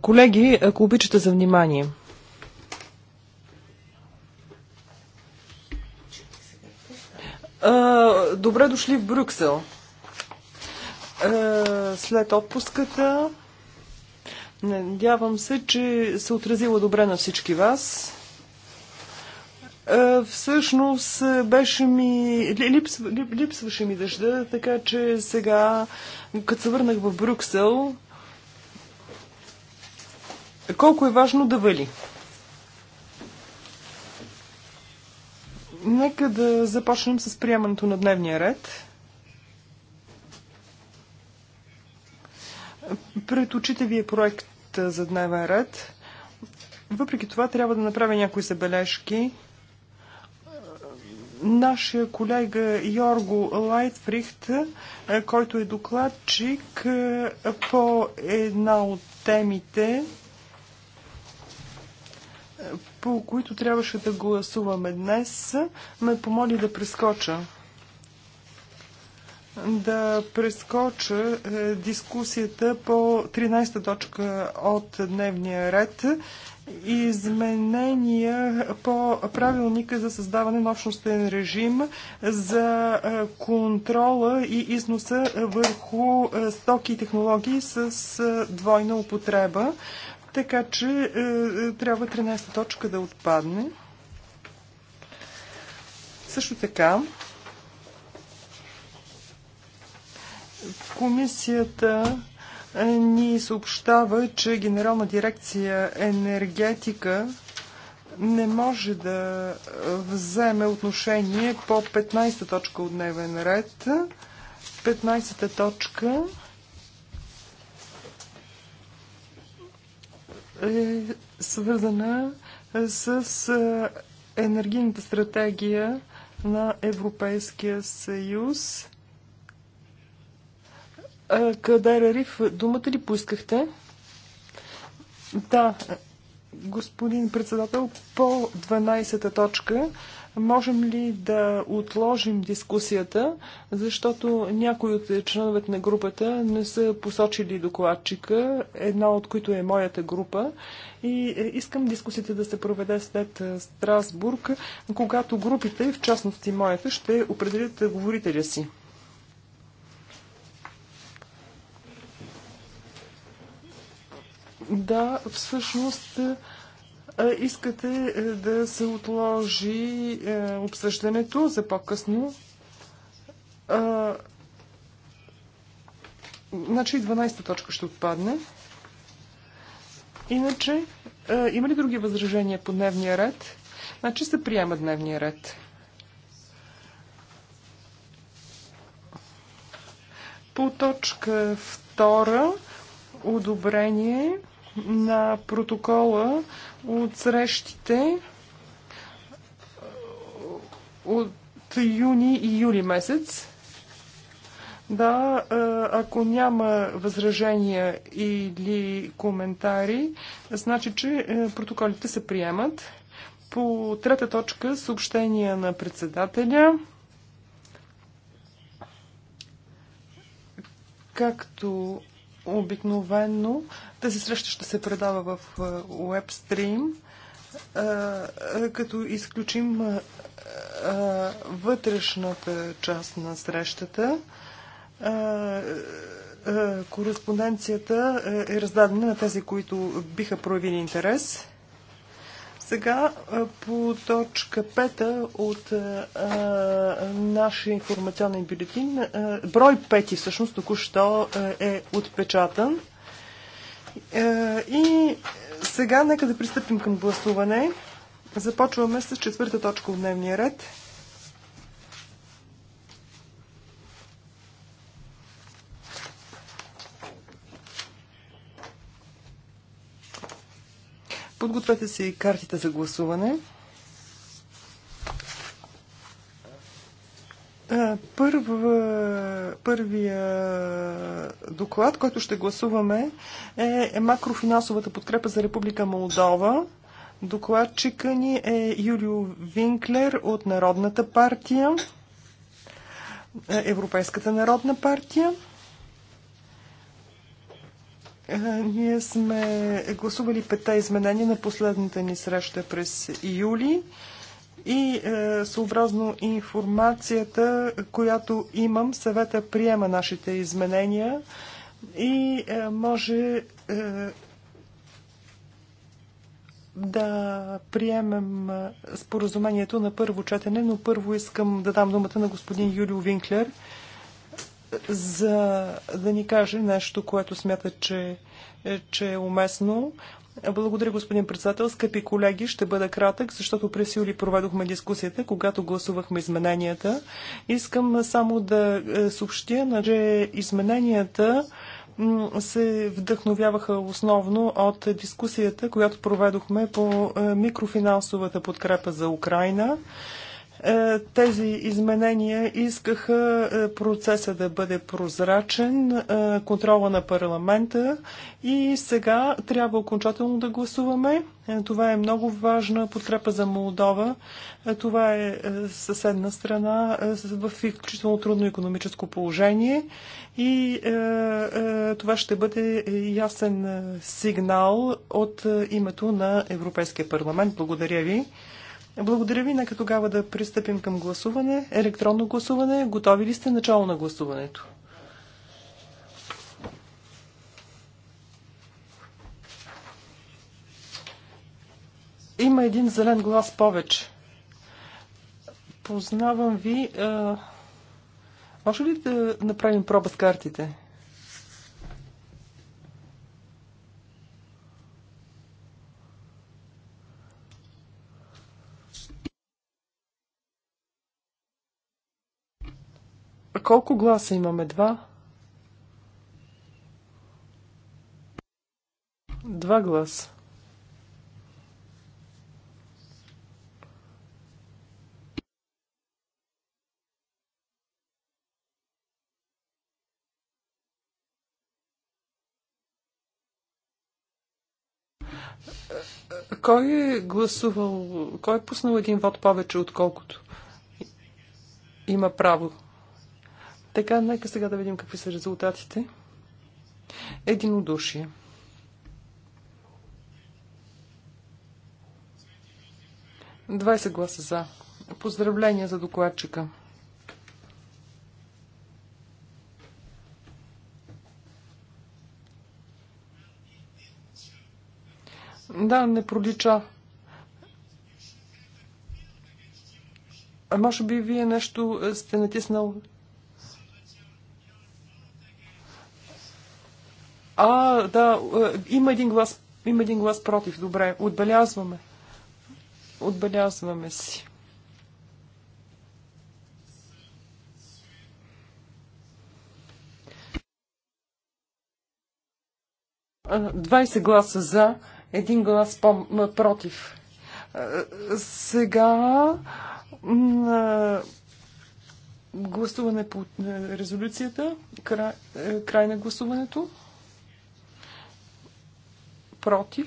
Колеги, ако обичате за внимание. Добре дошли в Брюксел. След отпуската, надявам се, че се отразила добре на всички вас. Е, всъщност е, беше ми, Липсва, липсваше ми дъжда, така че сега, като се върнах в Брюксел, колко е важно да вали. Нека да започнем с приемането на дневния ред. Пред очите ви е проект за дневен ред. Въпреки това трябва да направя някои забележки нашия колега Йорго Лайтфрихт, е, който е докладчик е, по една от темите, е, по които трябваше да гласуваме днес, ме помоли да прескоча да прескоча е, дискусията по 13-та точка от дневния ред изменения по правилника за създаване на общностен режим за е, контрола и износа върху е, стоки и технологии с двойна употреба. Така че трябва 13-та точка да отпадне. Също така, Комисията е, ни съобщава, че Генерална дирекция енергетика не може да е, вземе отношение по 15-та точка от дневен ред. 15-та точка е свързана е, с енергийната стратегия на Европейския съюз Кадар Ариф, думата ли поискахте? Да, господин председател, по 12-та точка можем ли да отложим дискусията, защото някои от членовете на групата не са посочили докладчика, една от които е моята група. И е, искам дискусията да се проведе след е, Страсбург, когато групите, в частност и моята, ще определят е, говорителя си. Да, всъщност е, е, искате е, да се отложи обсъждането за по-късно. Значи 12-та точка ще отпадне. Иначе, има ли други възражения по дневния ред? Значи се приема дневния ред. По точка 2 одобрение на протокола от срещите е, от юни и юли месец. Да, е, ако няма възражения или коментари, значи, че е, протоколите се приемат. По трета точка съобщение на председателя. Както Обикновено тази среща ще се предава в WebStream, е, е, е, като изключим вътрешната част на срещата. Кореспонденцията е раздадена на тези, които биха проявили интерес. Сега по точка 5 от а, нашия информационен бюлетин, а, брой 5 всъщност току-що е отпечатан. А, и сега нека да пристъпим към гласуване. Започваме с четвърта точка от дневния ред. Подгответе си картите за гласуване. Първа, първия доклад, който ще гласуваме е, е макрофинансовата подкрепа за Република Молдова. Докладчика ни е Юлио Винклер от Народната партия, е, Европейската народна партия. Е, ние сме гласували пета изменения на последната ни среща през юли и е, съобразно информацията, която имам, съвета приема нашите изменения и е, може да приемем споразумението на първо четене, но първо искам да дам думата на господин Юлио Винклер за да ни каже нещо, което смята, че, че е уместно. Благодаря, господин председател. Скъпи колеги, ще бъда кратък, защото през юли проведохме дискусията, когато гласувахме измененията. Искам само да е, съобщя, че нали, измененията се вдъхновяваха основно от дискусията, която проведохме по е, микрофинансовата подкрепа за Украина. Е, тези изменения искаха е, процеса да бъде прозрачен, е, контрола на парламента и сега трябва окончателно да гласуваме. Това е много важна подкрепа за Молдова. Това е съседна страна в изключително трудно економическо положение и това ще бъде ясен сигнал от името на Европейския парламент. Благодаря ви. Благодаря ви. Нека тогава да пристъпим към гласуване. Електронно гласуване. Готови ли сте начало на гласуването? Има един зелен глас повече. Познавам ви. А... Може ли да направим проба с картите? Колко гласа имаме? Два? Два гласа. Кой е гласувал, кой е пуснал един вод повече, отколкото има право? Така, нека сега да видим какви са резултатите. Единодушие. Двайсет гласа за. Поздравления за докладчика. Да, не пролича. А може би вие нещо е, сте натиснал А, да, е, има един глас, има един глас против. Добре, отбелязваме. Отбелязваме си. Е, двайсет гласа за, един глас по- против. Е, сега гласуване по резолюцията, край, край на гласуването против.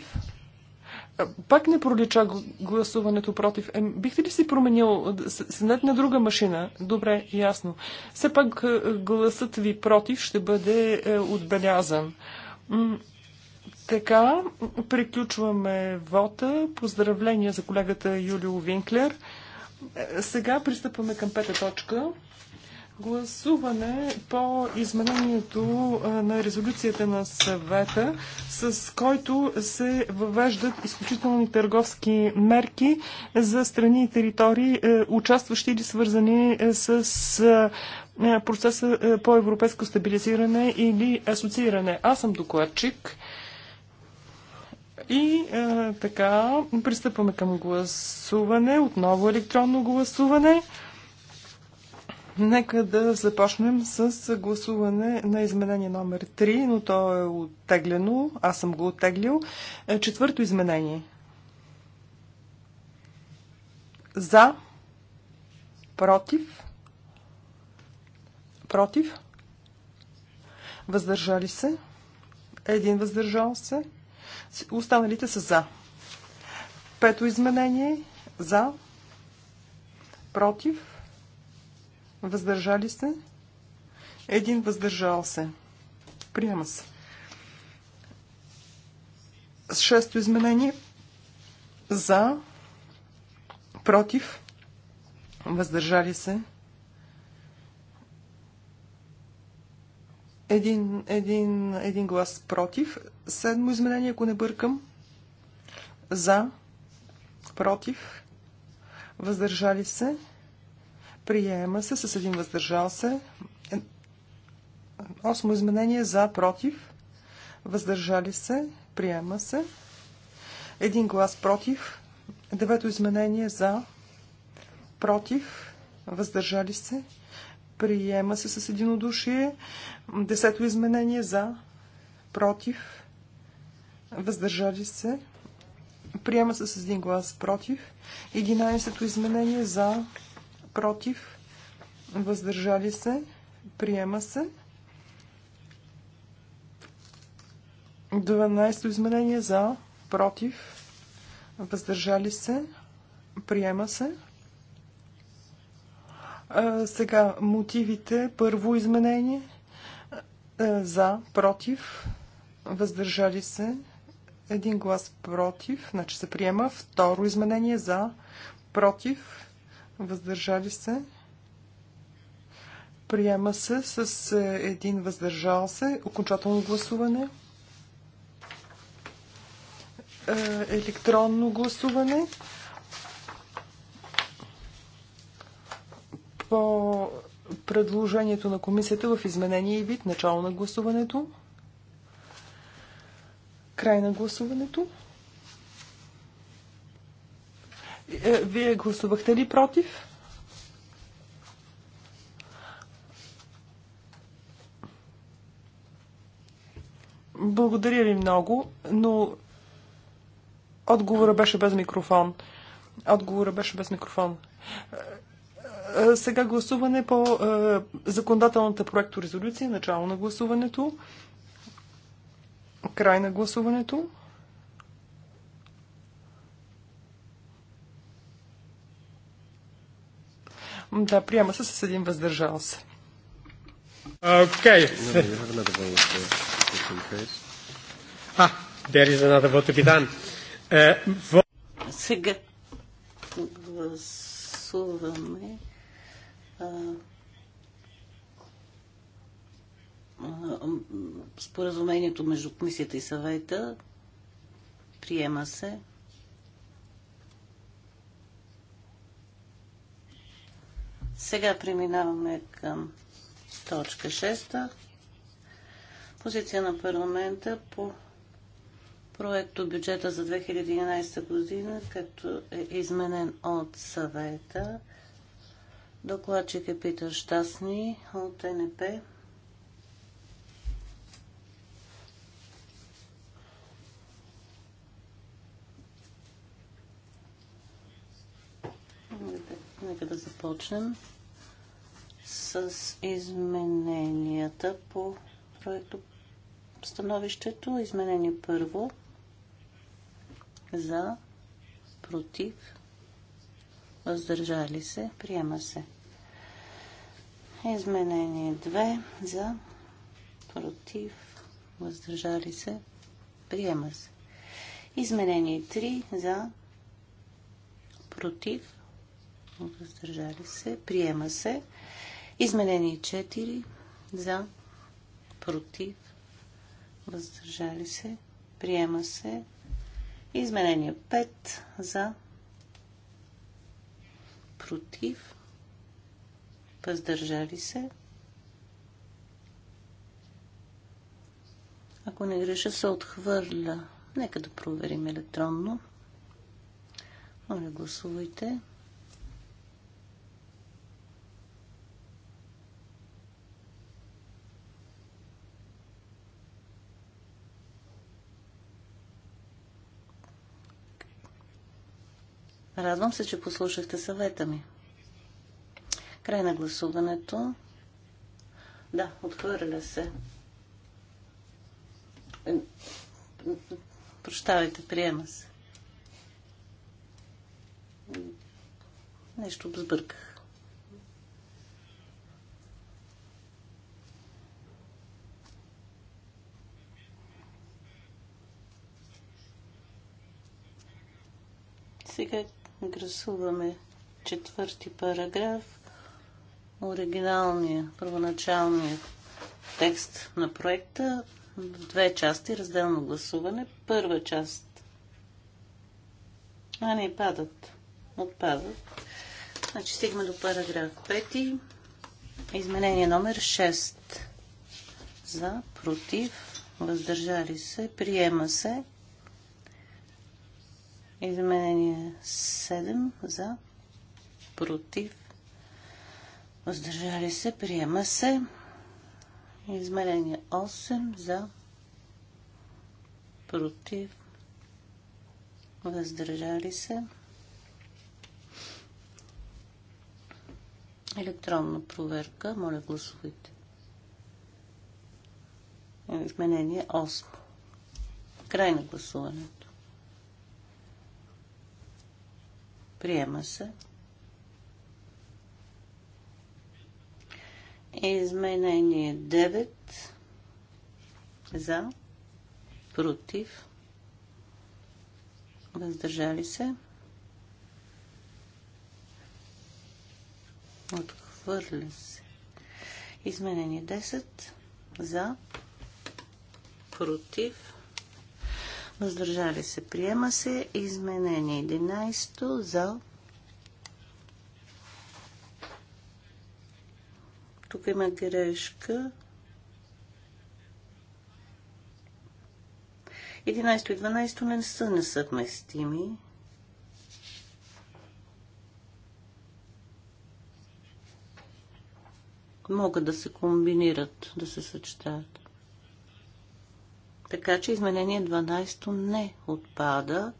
Пак не пролича гласуването против. Е, бихте ли си променил? Седнете на друга машина. Добре, ясно. Все пак е, гласът ви против ще бъде е, отбелязан. Така, приключваме вота. Поздравления за колегата Юлио Винклер. Е, сега пристъпваме към пета точка. Гласуване по изменението на резолюцията на съвета, с който се въвеждат изключителни търговски мерки за страни и територии, е, участващи или свързани е, с е, процеса по европейско стабилизиране или асоцииране. Аз съм докладчик. И е, така, пристъпваме към гласуване, отново електронно гласуване. Нека да започнем с гласуване на изменение номер 3, но то е оттеглено. Аз съм го оттеглил. Е, четвърто изменение. За. Против. Против. Въздържали се. Един въздържал се. Останалите са за. Пето изменение. За. Против въздържали се, един въздържал се. Приема се. С шесто изменение за, против, въздържали се. Един, един, един глас против. Седмо изменение, ако не бъркам. За, против, въздържали се. Приема се с един въздържал се. Осмо изменение за, против. Въздържали се. Приема се. Един глас против. Девето изменение за, против. Въздържали се. Приема се с единодушие. Десето изменение за, против. Въздържали се. Приема се с един глас против. Единайсето изменение за, против против, въздържали се, приема се. 12 изменение за, против, въздържали се, приема се. сега, мотивите, първо изменение, за, против, въздържали се, един глас против, значи се приема, второ изменение за, против, въздържали се. Приема се с е, един въздържал се. Окончателно гласуване. Е, електронно гласуване. По предложението на комисията в изменение и вид. Начало на гласуването. Край на гласуването. Е, вие гласувахте ли против? Благодаря ви много, но отговора беше без микрофон. Отговора беше без микрофон. Е, е, сега гласуване по законодателната резолюция. начало на гласуването, край на гласуването. Да, приема се с един въздържал се. Окей. А, there is another vote to be done. Uh, Сега гласуваме споразумението между комисията и съвета. Приема се. Сега преминаваме към точка 6. Позиция на парламента по проекто бюджета за 2011 година, като е изменен от съвета. Докладчик е Питър Щастни от НП. Нека да започнем с измененията по проекто становището. Изменение първо за, против, въздържали се, приема се. Изменение 2 за, против, въздържали се, приема се. Изменение 3 за, против, въздържали се, приема се. Изменение 4 за, против, въздържали се, приема се. Изменение 5 за, против, въздържали се. Ако не греша, се отхвърля. Нека да проверим електронно. Моля, гласувайте. Гласувайте. Радвам се, че послушахте съвета ми. Край на гласуването. Да, отхвърля се. Е, прощавайте, приема се. Нещо обзбърках. Сега Гласуваме четвърти параграф, оригиналния, първоначалния текст на проекта в две части, разделно гласуване. Първа част. А, не, падат. Отпадат. Значи стигаме до параграф 5. Изменение номер 6. За, против, въздържали се, приема се. Изменение 7 за против. Въздържали се. Приема се. Изменение 8 за против. Въздържали се. Електронна проверка. Моля, гласувайте. Изменение 8. Край на гласуването. Приема се. Изменение 9 за, против, въздържали се. Отхвърля се. Изменение 10 за, против, въздържали се, приема се. Изменение 11 за. Тук има грешка. 11 и 12 не са несъвместими. Могат да се комбинират, да се съчетаят. Така че изменение 12 не отпада,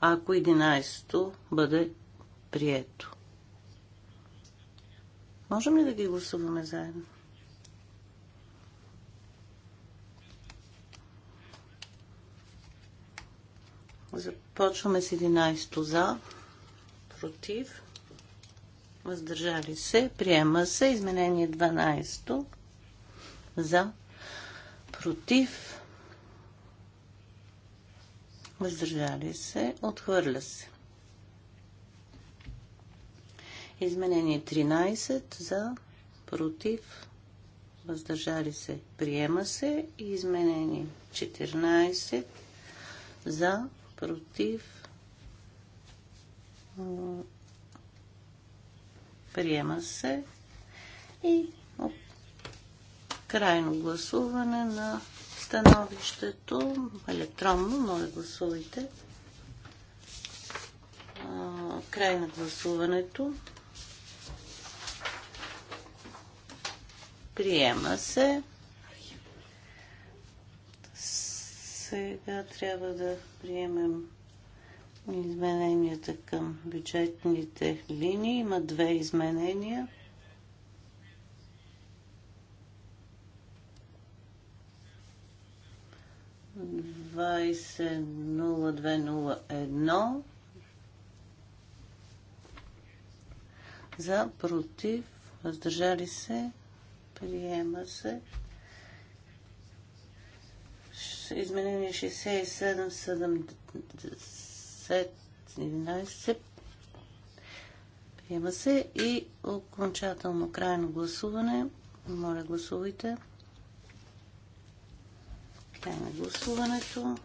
ако 11 бъде прието. Можем ли да ги гласуваме заедно? Започваме с 11 за, против, въздържали се, приема се, изменение 12 за, против, въздържали се, отхвърля се. Изменение 13 за, против, въздържали се, приема се. И изменение 14 за, против, приема се. И крайно гласуване на становището електронно. Моля, гласувайте. Край на гласуването. Приема се. Сега трябва да приемем измененията към бюджетните линии. Има две изменения – 20.02.01 за, против, въздържали се, приема се. Изменение 67, 70, 11, приема се и окончателно крайно гласуване. Моля, гласувайте. Край гласуването.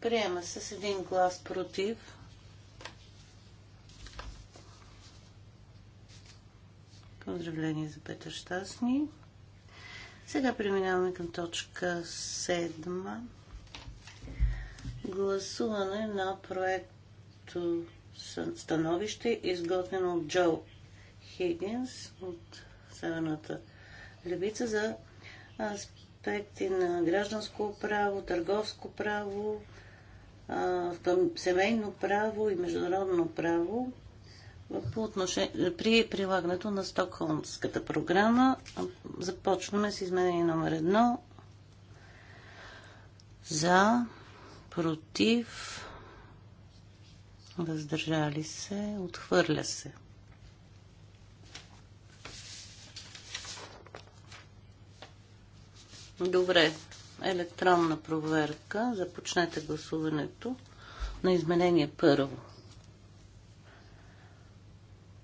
Приема се с един глас против. Поздравление за Петър Щастни. Сега преминаваме към точка 7. Гласуване на проекто становище, изготвено от Джо Хейгенс от Северната левица за аспекти на гражданско право, търговско право, семейно право и международно право по отношение, при прилагането на Стокхолмската програма. Започваме с изменение номер едно. За, против, въздържали се, отхвърля се. Добре. Електронна проверка. Започнете гласуването на изменение първо.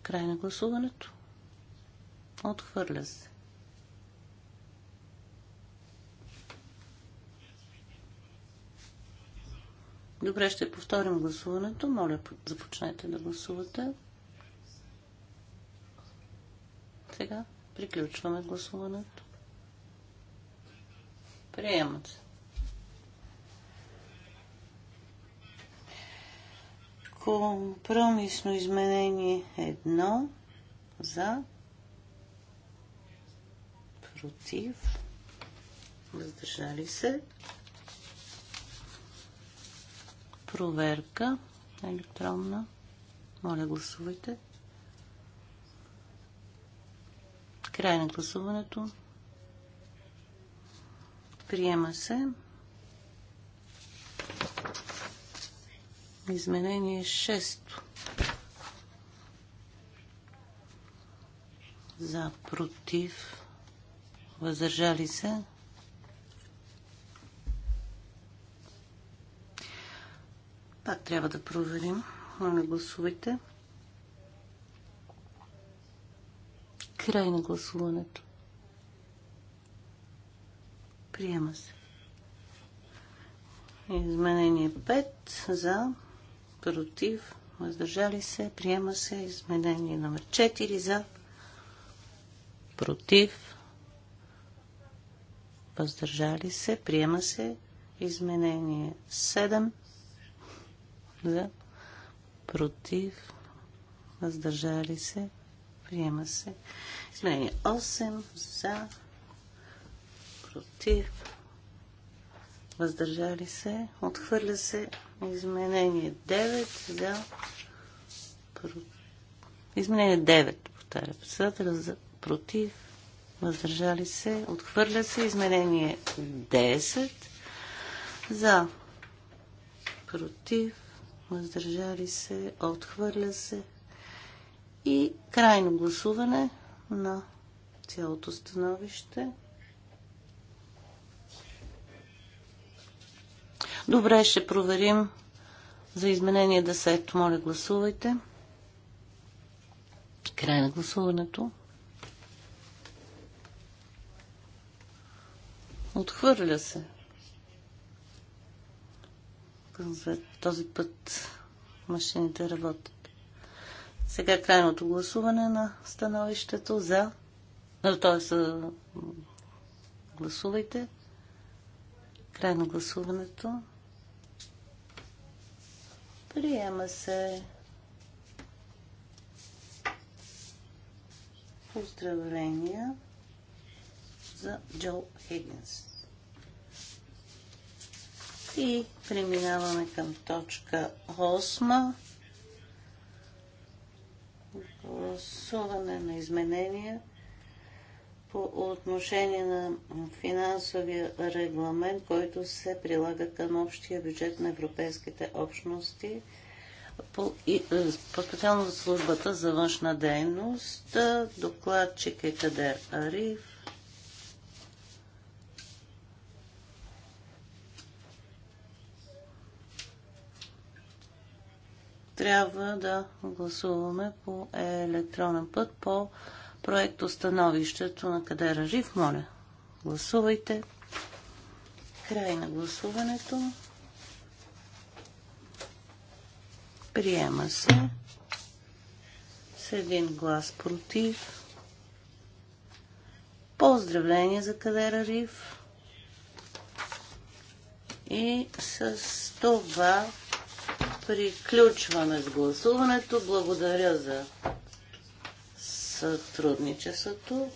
Край на гласуването. Отхвърля се. Добре, ще повторим гласуването. Моля, започнете да гласувате. Сега приключваме гласуването. Приемат се. Компромисно изменение едно за против въздържали се проверка електронна моля гласувайте край на гласуването Приема се. Изменение 6. За, против, въздържали се. Пак трябва да проверим. Моля, гласувайте. Край на гласуването. Приема се. Изменение 5 за, против, въздържали се, приема се. Изменение номер 4 за, против, въздържали се, приема се. Изменение 7 за, против, въздържали се, приема се. Изменение 8 за, против, въздържали се, отхвърля се изменение 9 за изменение 9, повтаря председателя, за против, въздържали се, отхвърля се изменение 10 за против, въздържали се, отхвърля се и крайно гласуване на цялото становище. Добре, ще проверим за изменение 10. Моля, гласувайте. Край на гласуването. Отхвърля се. За този път машините работят. Сега крайното гласуване на становището за... Т.е. гласувайте. Край на гласуването. Приема се. Поздравления за Джо Хигинс. И преминаваме към точка 8. Гласуване на изменения по отношение на финансовия регламент, който се прилага към общия бюджет на европейските общности, е, по-специално по за службата за външна дейност. Е, докладчик е Кадер Ариф. Трябва да гласуваме по електронен път по проекто становището на Кадера Жив. Моля, гласувайте. Край на гласуването. Приема се с един глас против. Поздравление за Кадера Рив. И с това приключваме с гласуването. Благодаря за сътрудничеството.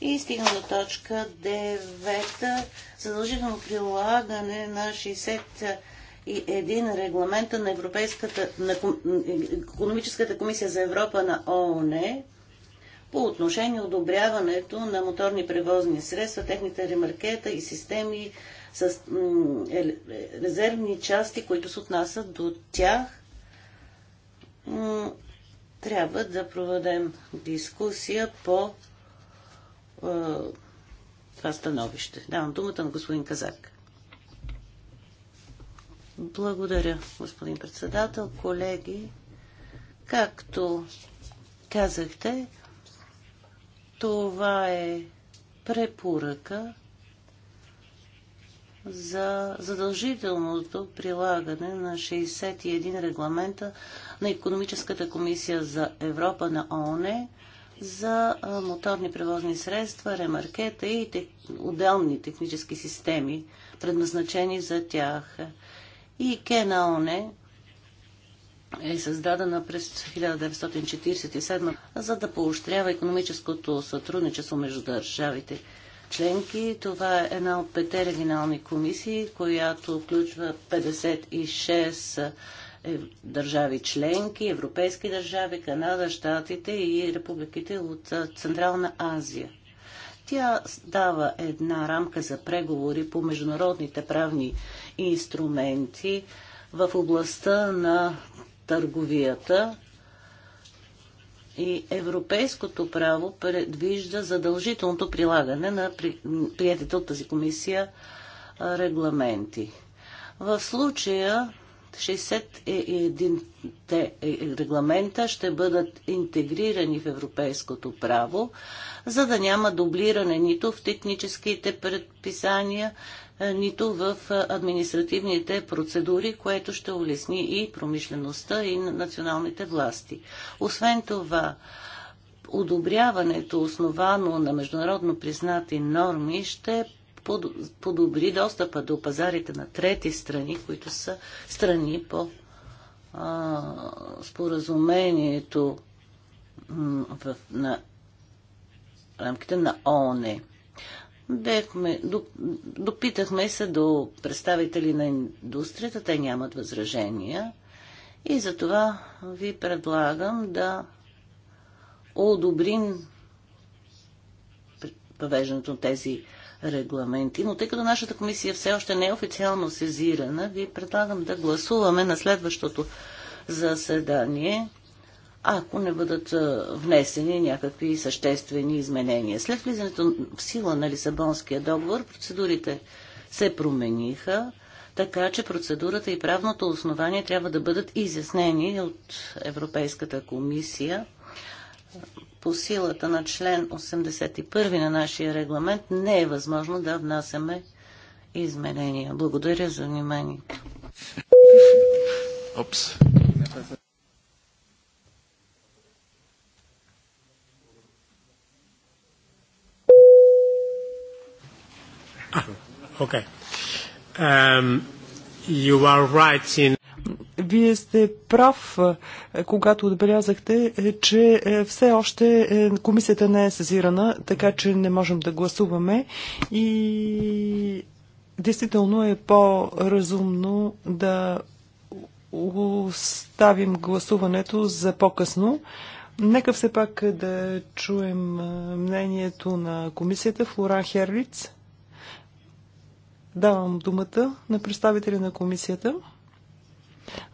И стигна до точка 9. Задължително прилагане на 61 регламента на, Европейската, на Економическата комисия за Европа на ООН по отношение одобряването на моторни превозни средства, техните ремаркета и системи с резервни части, които се отнасят до тях трябва да проведем дискусия по е, това становище. Давам думата на господин Казак. Благодаря, господин председател, колеги. Както казахте, това е препоръка за задължителното прилагане на 61 регламента на Економическата комисия за Европа на ООН за моторни превозни средства, ремаркета и тех... отделни технически системи, предназначени за тях. И КЕНАОНЕ е създадена през 1947 за да поощрява економическото сътрудничество между държавите членки. Това е една от пете регионални комисии, която включва 56 е, държави членки, европейски държави, Канада, Штатите и републиките от е, Централна Азия. Тя дава една рамка за преговори по международните правни инструменти в областта на търговията, и европейското право предвижда задължителното прилагане на приятите от тази комисия регламенти. В случая 61-те е, регламента ще бъдат интегрирани в европейското право, за да няма дублиране нито в техническите предписания, нито в административните процедури, което ще улесни и промишлеността и националните власти. Освен това, одобряването, основано на международно признати норми, ще подобри достъпа до пазарите на трети страни, които са страни по а, споразумението в, на рамките на ООН. Бехме, допитахме се до представители на индустрията, те нямат възражения и затова ви предлагам да одобрим въвеждането на тези регламенти. Но тъй като нашата комисия все още не е официално сезирана, ви предлагам да гласуваме на следващото заседание ако не бъдат внесени някакви съществени изменения. След влизането в сила на Лисабонския договор, процедурите се промениха, така че процедурата и правното основание трябва да бъдат изяснени от Европейската комисия. По силата на член 81 на нашия регламент не е възможно да внасяме изменения. Благодаря за вниманието. Опс. Okay. Um, you are right in вие сте прав, е, когато отбелязахте, е, че е, все още комисията не е сезирана, така че не можем да гласуваме и действително е по-разумно да оставим гласуването за по-късно. Нека все пак да чуем мнението на комисията Флоран Херлиц. Давам думата на представителя на комисията.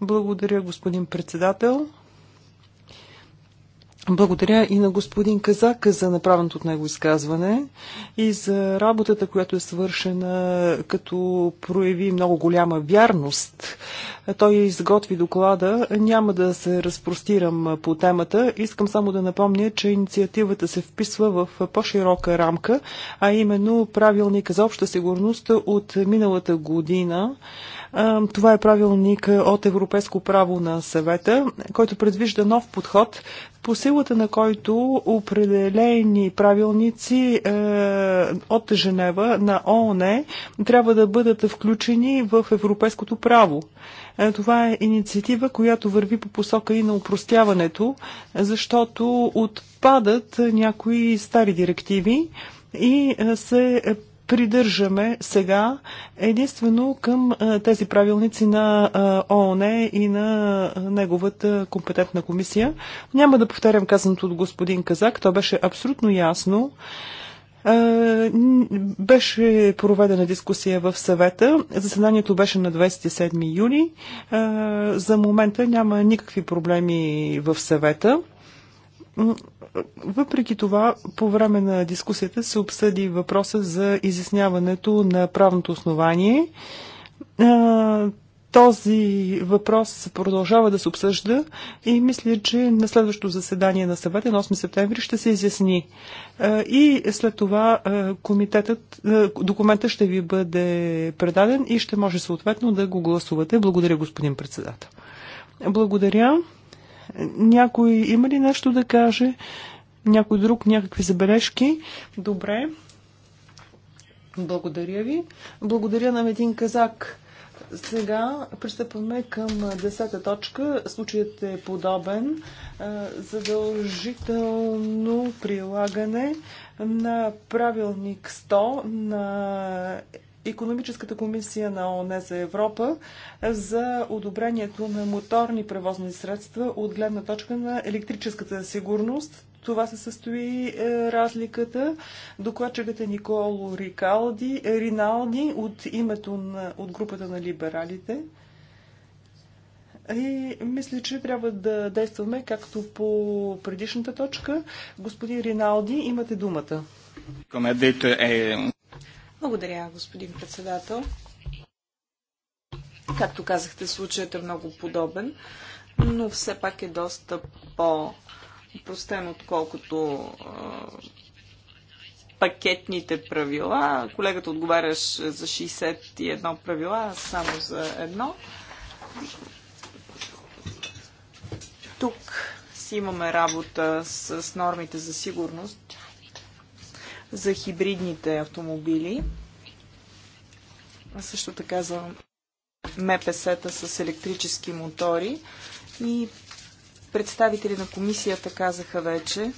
Благодаря, господин председател. Благодаря и на господин Казак за направеното от него изказване и за работата, която е свършена, като прояви много голяма вярност. Той изготви доклада. Няма да се разпростирам по темата. Искам само да напомня, че инициативата се вписва в по-широка рамка, а именно правилника за обща сигурност от миналата година. Това е правилник от Европейско право на съвета, който предвижда нов подход по силата на който определени правилници е, от Женева на ООН трябва да бъдат включени в европейското право. Е, това е инициатива, която върви по посока и на упростяването, защото отпадат някои стари директиви и е, се придържаме сега единствено към тези правилници на ООН и на неговата компетентна комисия. Няма да повтарям казаното от господин Казак, то беше абсолютно ясно. Беше проведена дискусия в съвета. Заседанието беше на 27 юни. За момента няма никакви проблеми в съвета. Въпреки това, по време на дискусията се обсъди въпроса за изясняването на правното основание. Този въпрос продължава да се обсъжда и мисля, че на следващото заседание на съвета на 8 септември ще се изясни. И след това комитетът, документът ще ви бъде предаден и ще може съответно да го гласувате. Благодаря, господин председател. Благодаря. Някой има ли нещо да каже? Някой друг, някакви забележки? Добре. Благодаря ви. Благодаря на един казак. Сега пристъпваме към десета точка. Случаят е подобен. Задължително прилагане на правилник 100 на Економическата комисия на ООН за Европа за одобрението на моторни превозни средства от гледна точка на електрическата сигурност. Това се състои е, разликата. Докладчикът е Николо Рикалди, Риналди от името на, от групата на либералите. И мисля, че трябва да действаме както по предишната точка. Господин Риналди, имате думата. Благодаря, господин председател. Както казахте, случаят е много подобен, но все пак е доста по-простен, отколкото пакетните правила. Колегата отговаряш за 61 правила, само за едно. Тук си имаме работа с нормите за сигурност за хибридните автомобили. също така за МПС-та с електрически мотори. И представители на комисията казаха вече,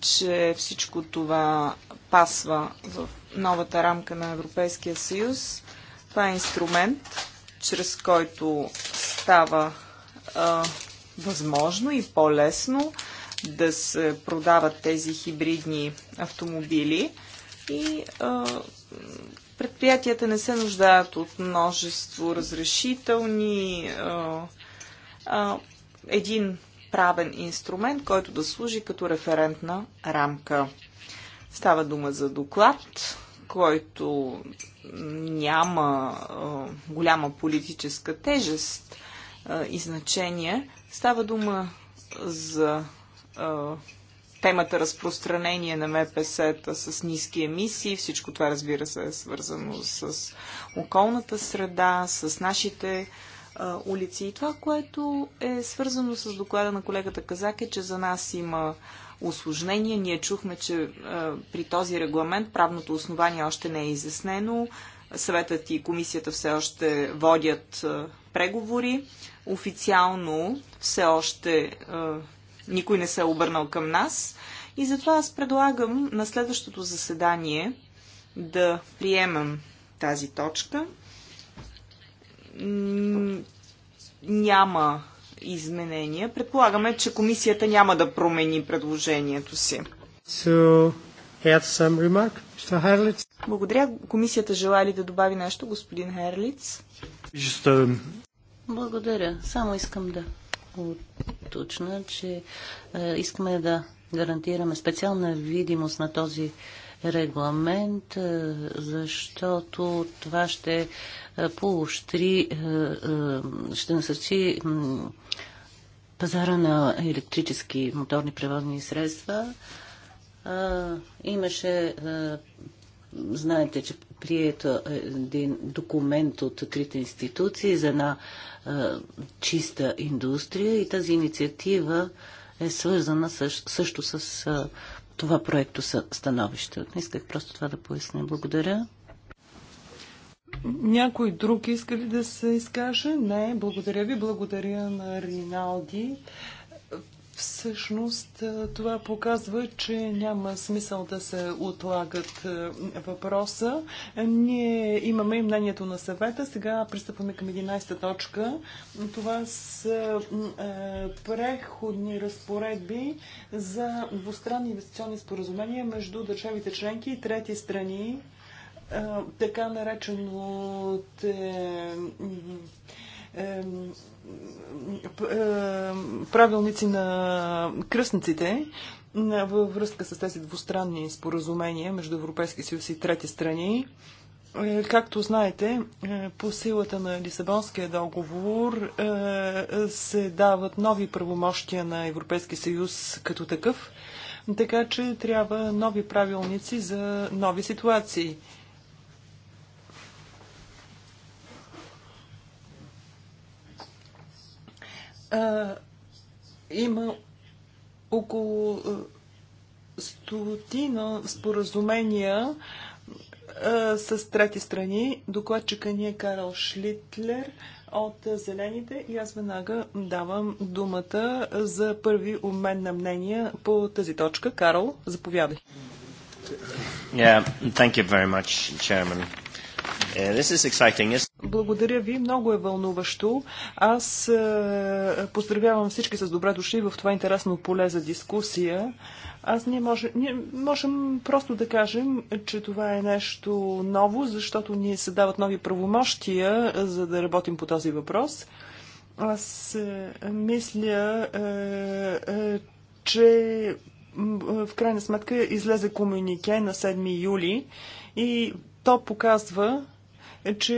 че всичко това пасва в новата рамка на Европейския съюз. Това е инструмент, чрез който става а, възможно и по-лесно да се продават тези хибридни автомобили и а, предприятията не се нуждаят от множество разрешителни. А, а, един правен инструмент, който да служи като референтна рамка. Става дума за доклад, който няма а, голяма политическа тежест а, и значение. Става дума за темата разпространение на МПС-та с ниски емисии. Всичко това, разбира се, е свързано с околната среда, с нашите а, улици. И това, което е свързано с доклада на колегата Казак е, че за нас има осложнение. Ние чухме, че а, при този регламент правното основание още не е изяснено. Съветът и комисията все още водят а, преговори. Официално все още никой не се е обърнал към нас. И затова аз предлагам на следващото заседание да приемам тази точка. Няма изменения. Предполагаме, че комисията няма да промени предложението си. So, remark, Благодаря. Комисията желая ли да добави нещо, господин Херлиц? Um, Благодаря. Само искам да точно, че е, искаме да гарантираме специална видимост на този регламент, е, защото това ще е, поощри, е, е, ще насърчи пазара на електрически моторни превозни средства. Е, имаше знаете, че Прият е, един документ от трите институции за една а, е, чиста индустрия и тази инициатива е свързана също, също с а, е, това проекто становище. Исках просто това да поясня. Благодаря. Някой друг иска ли да се изкаже? Не, благодаря ви. Благодаря на Риналди. Всъщност е, това показва, че няма смисъл да се отлагат е, въпроса. Ние имаме и мнението на съвета. Сега пристъпваме към 11-та точка. Това са е, преходни разпоредби за двустранни инвестиционни споразумения между държавите членки и трети страни, така нареченото правилници на кръстниците във връзка с тези двустранни споразумения между Европейски съюз и трети страни. Е, както знаете, е, по силата на Лисабонския договор е, се дават нови правомощия на Европейски съюз като такъв, така че трябва нови правилници за нови ситуации. а, има около стотина споразумения а, с трети страни. Докладчика ни е Карл Шлитлер от Зелените и аз веднага давам думата за първи обмен на мнения по тази точка. Карл, заповядай. Yeah, thank you very much, Chairman. Uh, Благодаря ви, много е вълнуващо. Аз е, поздравявам всички с добре дошли в това интересно поле за дискусия. Аз ние, може, ние можем просто да кажем, че това е нещо ново, защото ни се дават нови правомощия, е, за да работим по този въпрос. Аз е, мисля, е, е че е, в крайна сметка излезе комунике на 7 юли и то показва, че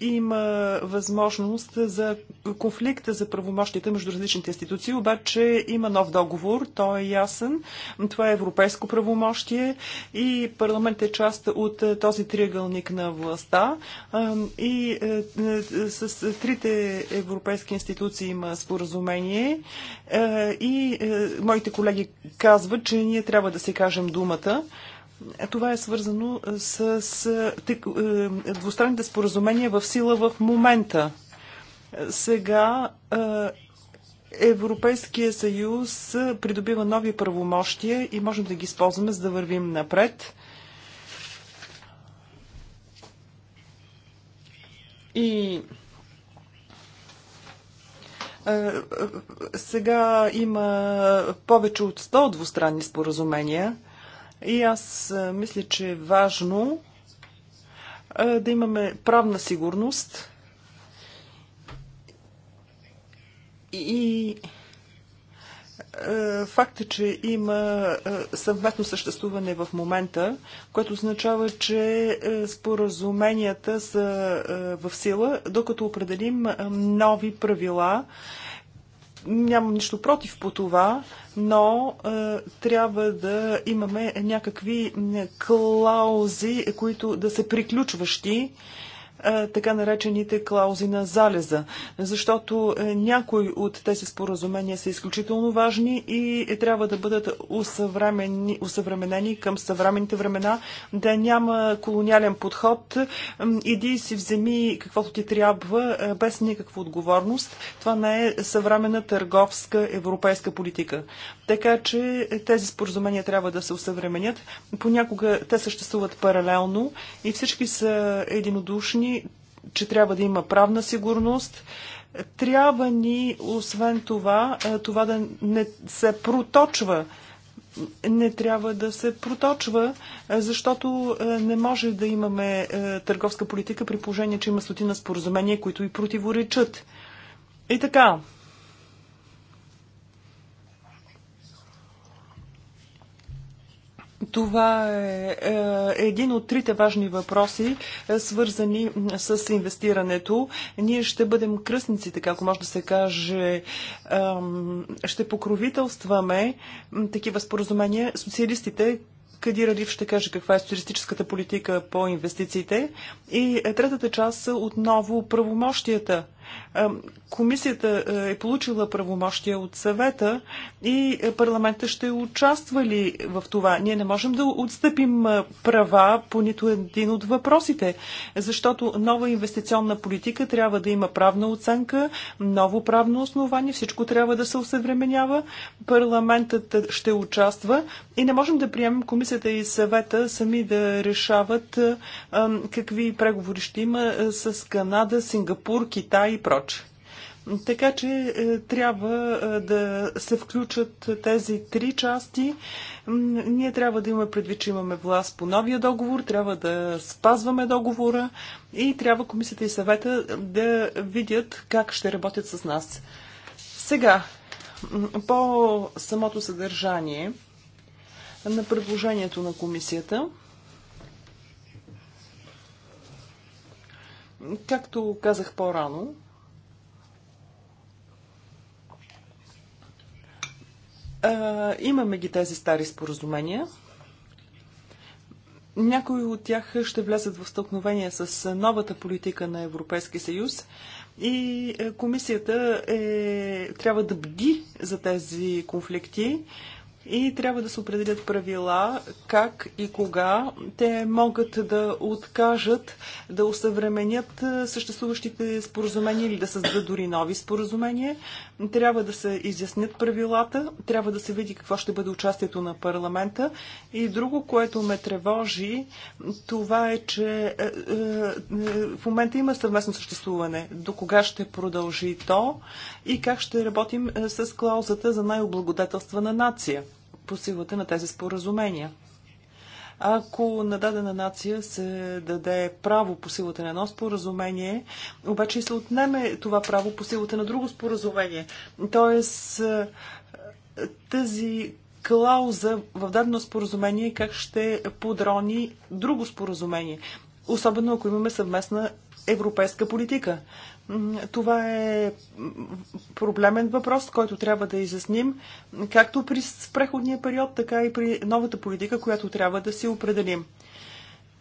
има възможност за конфликта за правомощите между различните институции, обаче има нов договор, той е ясен, това е европейско правомощие и парламент е част от е, този триъгълник на властта е, и е, с трите европейски институции има споразумение и моите колеги казват, че ние трябва да се кажем думата. Е, това е свързано е, с, с е, тък, двустранните споразумения в сила в момента. Сега Европейския съюз придобива нови правомощия и можем да ги използваме, за да вървим напред. И сега има повече от 100 двустранни споразумения – и аз мисля, че е важно да имаме правна сигурност и факта, че има съвместно съществуване в момента, което означава, че споразуменията са в сила, докато определим нови правила нямам нищо против по това, но е, трябва да имаме някакви е, клаузи, които да са приключващи така наречените клаузи на залеза, защото е, някои от тези споразумения са изключително важни и трябва да бъдат усъвременени към съвременните времена, да няма колониален подход. Иди си вземи каквото ти трябва, е, без никаква отговорност. Това не е съвременна търговска европейска политика. Така че е, тези споразумения трябва да се усъвременят. Понякога те съществуват паралелно и всички са единодушни че трябва да има правна сигурност. Трябва ни, освен това, е, това да не се проточва не трябва да се проточва, е, защото е, не може да имаме търговска политика при положение, че има стотина споразумения, които и противоречат. И така, Това е, е един от трите важни въпроси, е, свързани с инвестирането. Ние ще бъдем кръстници, така ако може да се каже, ще покровителстваме такива споразумения. Социалистите, Кадир Алиф ще каже каква е туристическата политика по инвестициите. И е, третата част отново правомощията. Комисията е, е получила правомощия от съвета и е, парламента ще участва ли в това? Ние не можем да отстъпим е, права по нито един от въпросите, защото нова инвестиционна политика трябва да има правна оценка, ново правно основание, всичко трябва да се усъвременява. парламентът ще участва и не можем да приемем комисията и съвета сами да решават какви преговори ще има с Канада, Сингапур, Китай, проче. Така че е, трябва е, да се включат тези три части. Ние трябва да имаме предвид, че имаме власт по новия договор, трябва да спазваме договора и трябва комисията и съвета да видят как ще работят с нас. Сега, по самото съдържание на предложението на комисията. Както казах по-рано, А, имаме ги тези стари споразумения. Някои от тях ще влязат в стълкновение с новата политика на Европейския съюз и е, комисията е, трябва да бги за тези конфликти и трябва да се определят правила как и кога те могат да откажат да усъвременят съществуващите споразумения или да създадат дори нови споразумения. Трябва да се изяснят правилата, трябва да се види какво ще бъде участието на парламента. И друго, което ме тревожи, това е, че в момента има съвместно съществуване. До кога ще продължи то и как ще работим с клаузата за най на нация? по силата на тези споразумения. Ако на дадена нация се даде право по силата на едно споразумение, обаче и се отнеме това право по силата на друго споразумение. Тоест, е, тази клауза в дадено споразумение как ще подрони друго споразумение, особено ако имаме съвместна европейска политика. Това е проблемен въпрос, който трябва да изясним, както при преходния период, така и при новата политика, която трябва да си определим.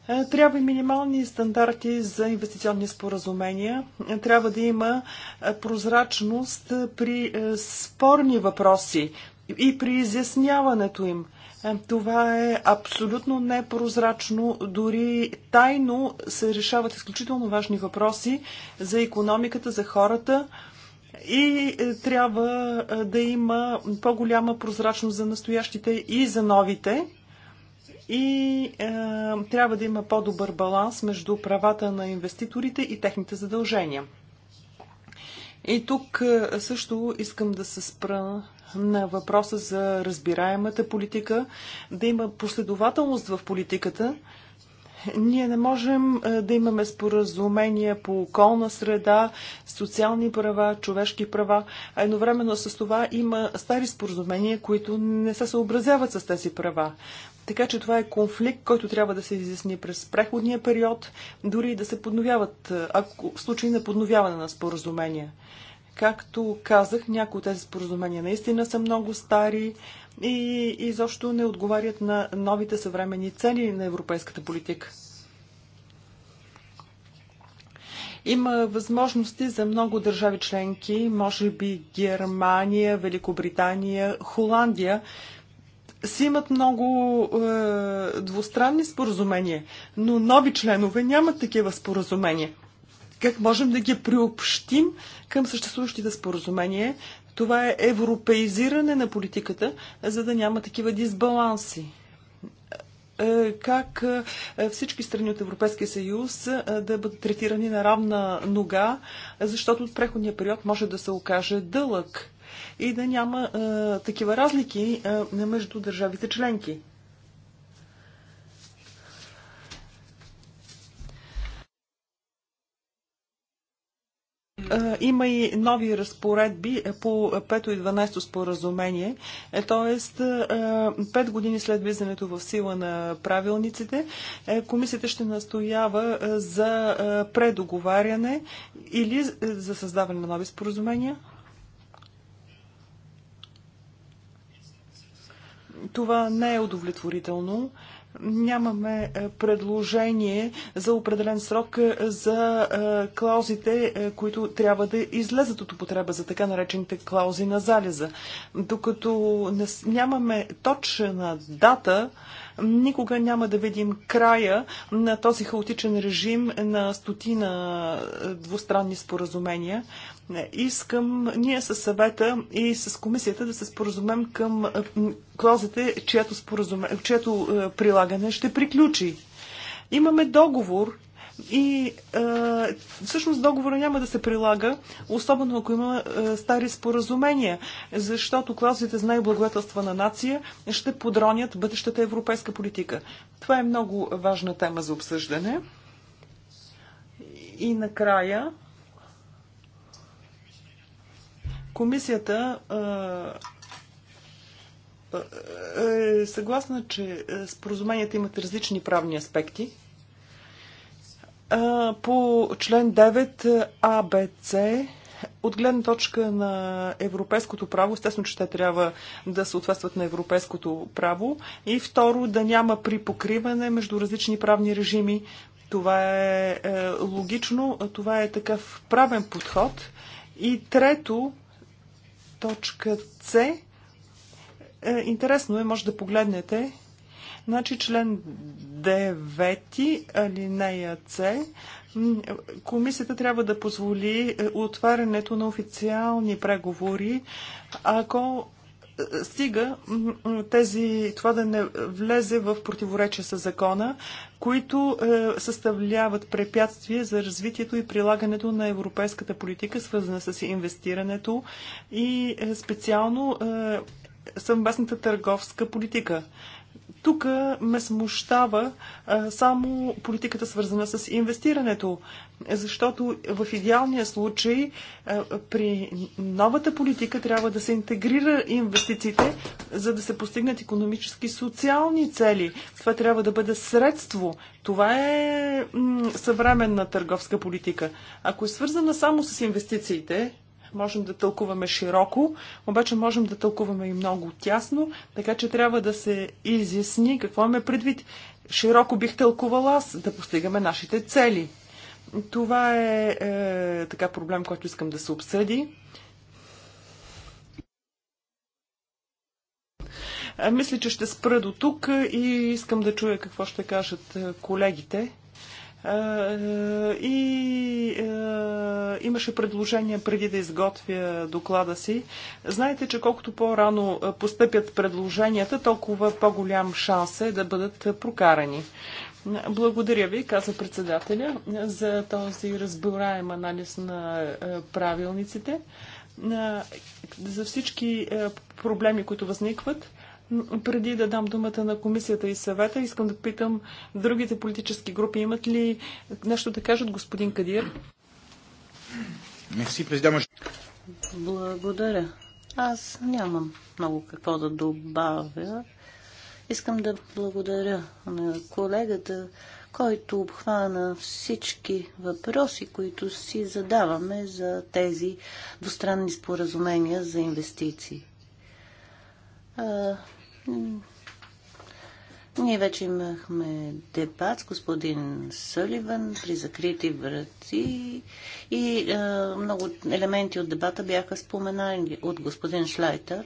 Е, трябва и минимални стандарти за инвестиционни споразумения. Е, трябва да има е, прозрачност при спорни въпроси, и при изясняването им. Е, това е абсолютно непрозрачно, дори тайно се решават изключително важни въпроси за економиката, за хората и е, трябва е, да има по-голяма прозрачност за настоящите и за новите. И е, трябва да има по-добър баланс между правата на инвеститорите и техните задължения. И тук е, също искам да се спра на въпроса за разбираемата политика, да има последователност в политиката. Ние не можем е, да имаме споразумения по околна среда, социални права, човешки права, а едновременно с това има стари споразумения, които не се съобразяват с тези права. Така че това е конфликт, който трябва да се изясни през преходния период, дори да се подновяват, ако в случай на подновяване на споразумения. Както казах, някои от тези споразумения наистина са много стари и изобщо не отговарят на новите съвремени цели на европейската политика. Има възможности за много държави членки, може би Германия, Великобритания, Холандия, си имат много е, двустранни споразумения, но нови членове нямат такива споразумения. Как можем да ги приобщим към съществуващите споразумения? Това е европеизиране на политиката, за да няма такива дисбаланси е, как е, всички страни от Европейския съюз е, да бъдат третирани на равна нога, защото от преходния период може да се окаже дълъг и да няма а, такива разлики а, между държавите членки. има и нови разпоредби по 5 и 12 споразумение, т.е. 5 години след влизането в сила на правилниците, е, комисията ще настоява за предоговаряне или за създаване на нови споразумения. това не е удовлетворително. Нямаме е, предложение за определен срок е, за е, клаузите, които трябва да излезат от употреба за така наречените клаузи на залеза. Докато нямаме точна дата, Никога няма да видим края на този хаотичен режим на стотина е, двустранни споразумения. Е, искам ние с съвета и с комисията да се споразумем към е, клозите, чието, чието прилагане ще приключи. Имаме договор, и е, всъщност договора няма да се прилага, особено ако има е, стари споразумения, защото клаузите за най-благодателства на нация ще подронят бъдещата европейска политика. Това е много важна тема за обсъждане. И накрая комисията е, е, е, е съгласна, че е, споразуменията имат различни правни аспекти по член 9 АБЦ от гледна точка на европейското право, естествено, че те трябва да съответстват на европейското право и второ, да няма припокриване между различни правни режими. Това е, е логично, това е такъв правен подход. И трето, точка С, е, интересно е, може да погледнете Значи член 9, алинея С, комисията трябва да позволи е, отварянето на официални преговори, ако е, стига тези, това да не влезе в противоречие с закона, които е, съставляват препятствие за развитието и прилагането на европейската политика, свързана с инвестирането и е, специално е, съвместната търговска политика. Тук ме смущава а, само политиката свързана с инвестирането, защото в идеалния случай а, при новата политика трябва да се интегрира инвестициите, за да се постигнат економически и социални цели. Това трябва да бъде средство. Това е съвременна търговска политика. Ако е свързана само с инвестициите, можем да тълкуваме широко, обаче можем да тълкуваме и много тясно, така че трябва да се изясни какво ме предвид. Широко бих тълкувала аз да постигаме нашите цели. Това е, е така проблем, който искам да се обсъди. Мисля, че ще спра до тук и искам да чуя какво ще кажат е, колегите. Е, е, и е, имаше предложение преди да изготвя доклада си. Знаете, че колкото по-рано постъпят предложенията, толкова по-голям шанс е да бъдат прокарани. Благодаря ви, каза председателя, за този разбираем анализ на правилниците, за всички проблеми, които възникват. Преди да дам думата на комисията и съвета, искам да питам другите политически групи имат ли нещо да кажат господин Кадир? Мерси, Благодаря. Аз нямам много какво да добавя. Искам да благодаря на колегата, който обхвана всички въпроси, които си задаваме за тези двустранни споразумения за инвестиции. Ние вече имахме дебат с господин Съливан при закрити врати и е, много елементи от дебата бяха споменани от господин Шлайтер. Е,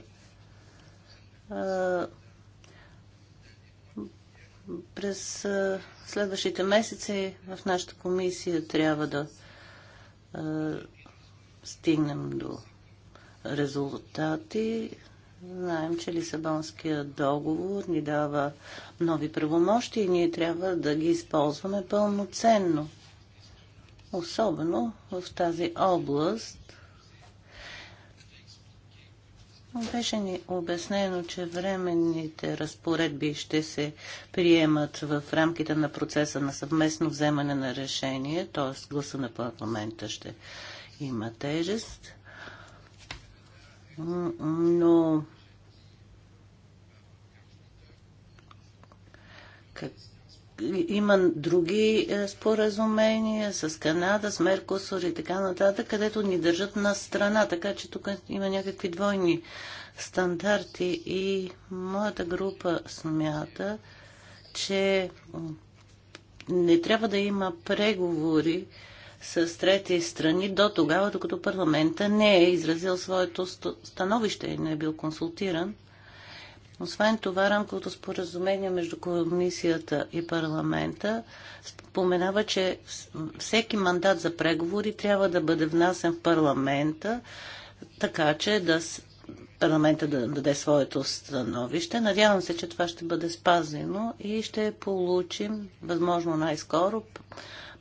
през е, следващите месеци в нашата комисия трябва да е, стигнем до резултати. Знаем, че Лисабонския договор ни дава нови правомощи и ние трябва да ги използваме пълноценно. Особено в тази област. Беше ни обяснено, че временните разпоредби ще се приемат в рамките на процеса на съвместно вземане на решение, т.е. гласа на парламента ще има тежест но Как... Има други е, споразумения с Канада, с Меркосур и така нататък, където ни държат на страна, така че тук има някакви двойни стандарти и моята група смята, че не трябва да има преговори с трети страни до тогава, докато парламента не е изразил своето становище и не е бил консултиран. Освен това, рамковото споразумение между комисията и парламента споменава, че всеки мандат за преговори трябва да бъде внасен в парламента, така че да парламента да даде своето становище. Надявам се, че това ще бъде спазено и ще получим, възможно най-скоро,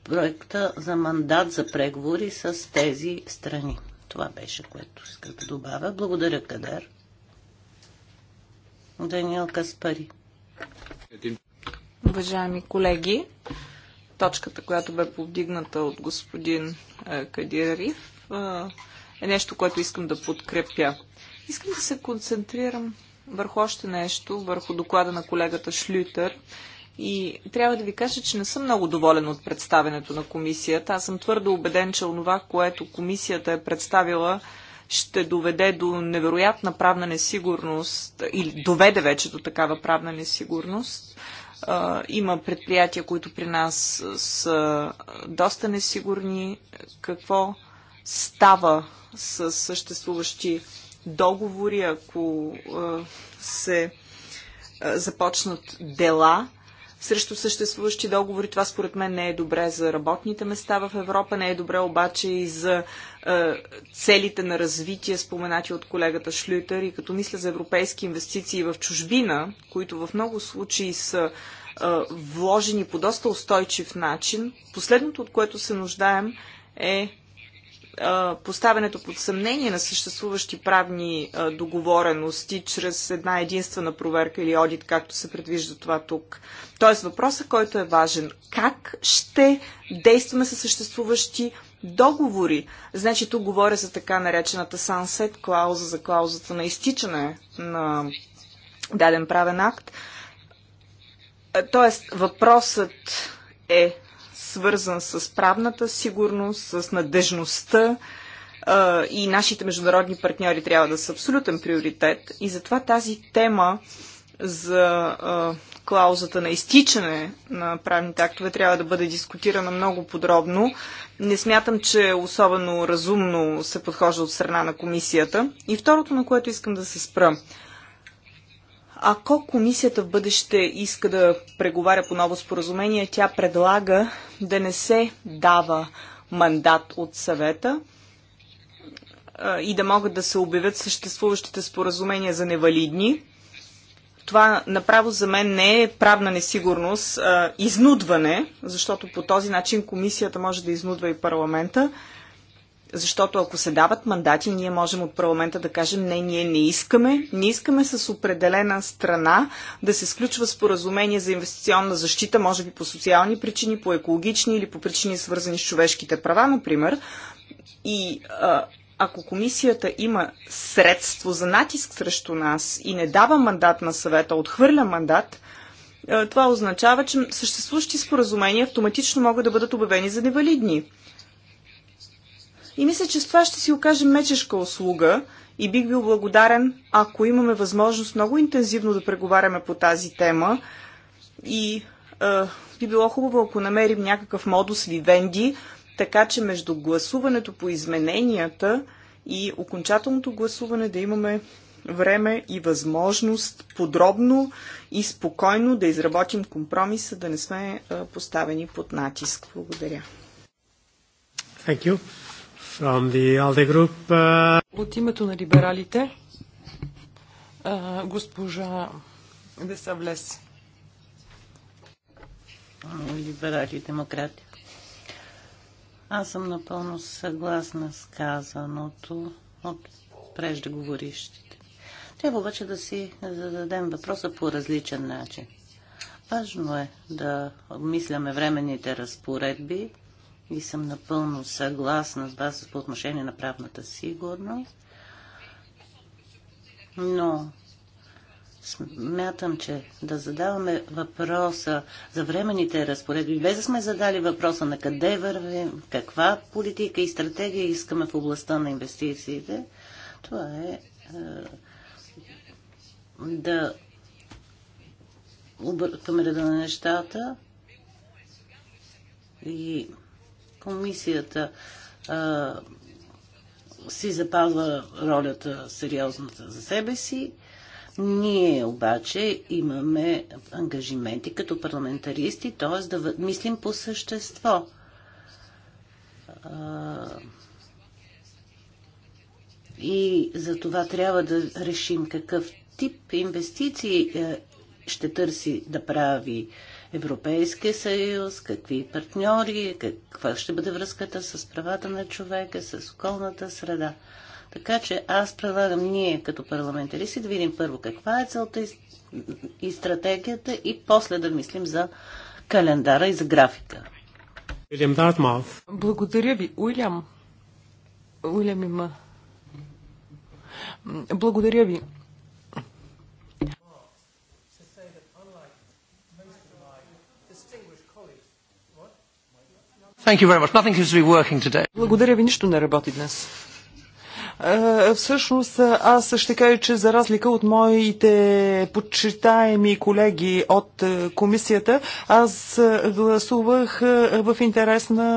проекта за мандат за преговори с тези страни. Това беше, което исках да добавя. Благодаря, Кадер. Даниел Каспари. Уважаеми колеги, точката, която бе повдигната от господин е, Кадирариф, е, е нещо, което искам да подкрепя. Искам да се концентрирам върху още нещо, върху доклада на колегата Шлютер. И трябва да ви кажа, че не съм много доволен от представенето на комисията. Аз съм твърдо убеден, че онова, което комисията е представила, ще доведе до невероятна правна несигурност или доведе вече до такава правна несигурност. Има предприятия, които при нас са доста несигурни. Какво става с съществуващи договори, ако се започнат дела срещу съществуващи договори. Това според мен не е добре за работните места в Европа, не е добре обаче и за е, целите на развитие, споменати от колегата Шлютер, и като мисля за европейски инвестиции в чужбина, които в много случаи са е, вложени по доста устойчив начин, последното, от което се нуждаем, е, е поставянето под съмнение на съществуващи правни договорености чрез една единствена проверка или одит, както се предвижда това тук. Тоест въпросът, който е важен, как ще действаме със съществуващи договори. Значи тук говоря за така наречената sunset клауза, за клаузата на изтичане на даден правен акт. Е, тоест, въпросът е свързан с правната сигурност, с надежността е, и нашите международни партньори трябва да са абсолютен приоритет. И затова тази тема за е, клаузата на изтичане на правните актове трябва да бъде дискутирана много подробно. Не смятам, че е особено разумно се подхожда от страна на комисията. И второто, на което искам да се спра. Ако комисията в бъдеще иска да преговаря по ново споразумение, тя предлага да не се дава мандат от съвета и да могат да се обявят съществуващите споразумения за невалидни това направо за мен не е правна несигурност, а изнудване, защото по този начин комисията може да изнудва и парламента, защото ако се дават мандати, ние можем от парламента да кажем не, ние не искаме. Не искаме с определена страна да се сключва споразумение за инвестиционна защита, може би по социални причини, по екологични или по причини свързани с човешките права, например. И а, ако комисията има средство за натиск срещу нас и не дава мандат на съвета, отхвърля мандат, е, това означава, че съществуващи споразумения автоматично могат да бъдат обявени за невалидни. И мисля, че с това ще си окажем мечешка услуга и бих бил благодарен, ако имаме възможност много интензивно да преговаряме по тази тема и е, би било хубаво, ако намерим някакъв модус вивенди, така че между гласуването по измененията и окончателното гласуване да имаме време и възможност подробно и спокойно да изработим компромиса, да не сме е, поставени под натиск. Благодаря. Thank you. From the ALDE group, uh... От името на либералите, uh, госпожа Десавлес. Либерали демократи. Аз съм напълно съгласна с казаното от преждеговорищите. Трябва обаче да си зададем въпроса по различен начин. Важно е да обмисляме временните разпоредби и съм напълно съгласна с вас по отношение на правната сигурност, но Смятам, че да задаваме въпроса за временните разпоредби, без да сме задали въпроса на къде вървим, каква политика и стратегия искаме в областта на инвестициите, това е, е да объркаме реда на нещата и комисията е, си запазва ролята сериозната за себе си ние обаче имаме ангажименти като парламентаристи, т.е. да мислим по същество. И за това трябва да решим какъв тип инвестиции е, ще търси да прави Европейския съюз, какви партньори, каква ще бъде връзката с правата на човека, с околната среда. Така че аз предлагам ние като парламентаристи да видим първо каква е целта и, и стратегията и после да мислим за календара и за графика. Благодаря ви, Уилям. Уилям има. Благодаря ви. Благодаря ви, нищо не работи днес. Е, всъщност аз ще кажа, че за разлика от моите почитаеми колеги от е, комисията, аз гласувах е, в интерес на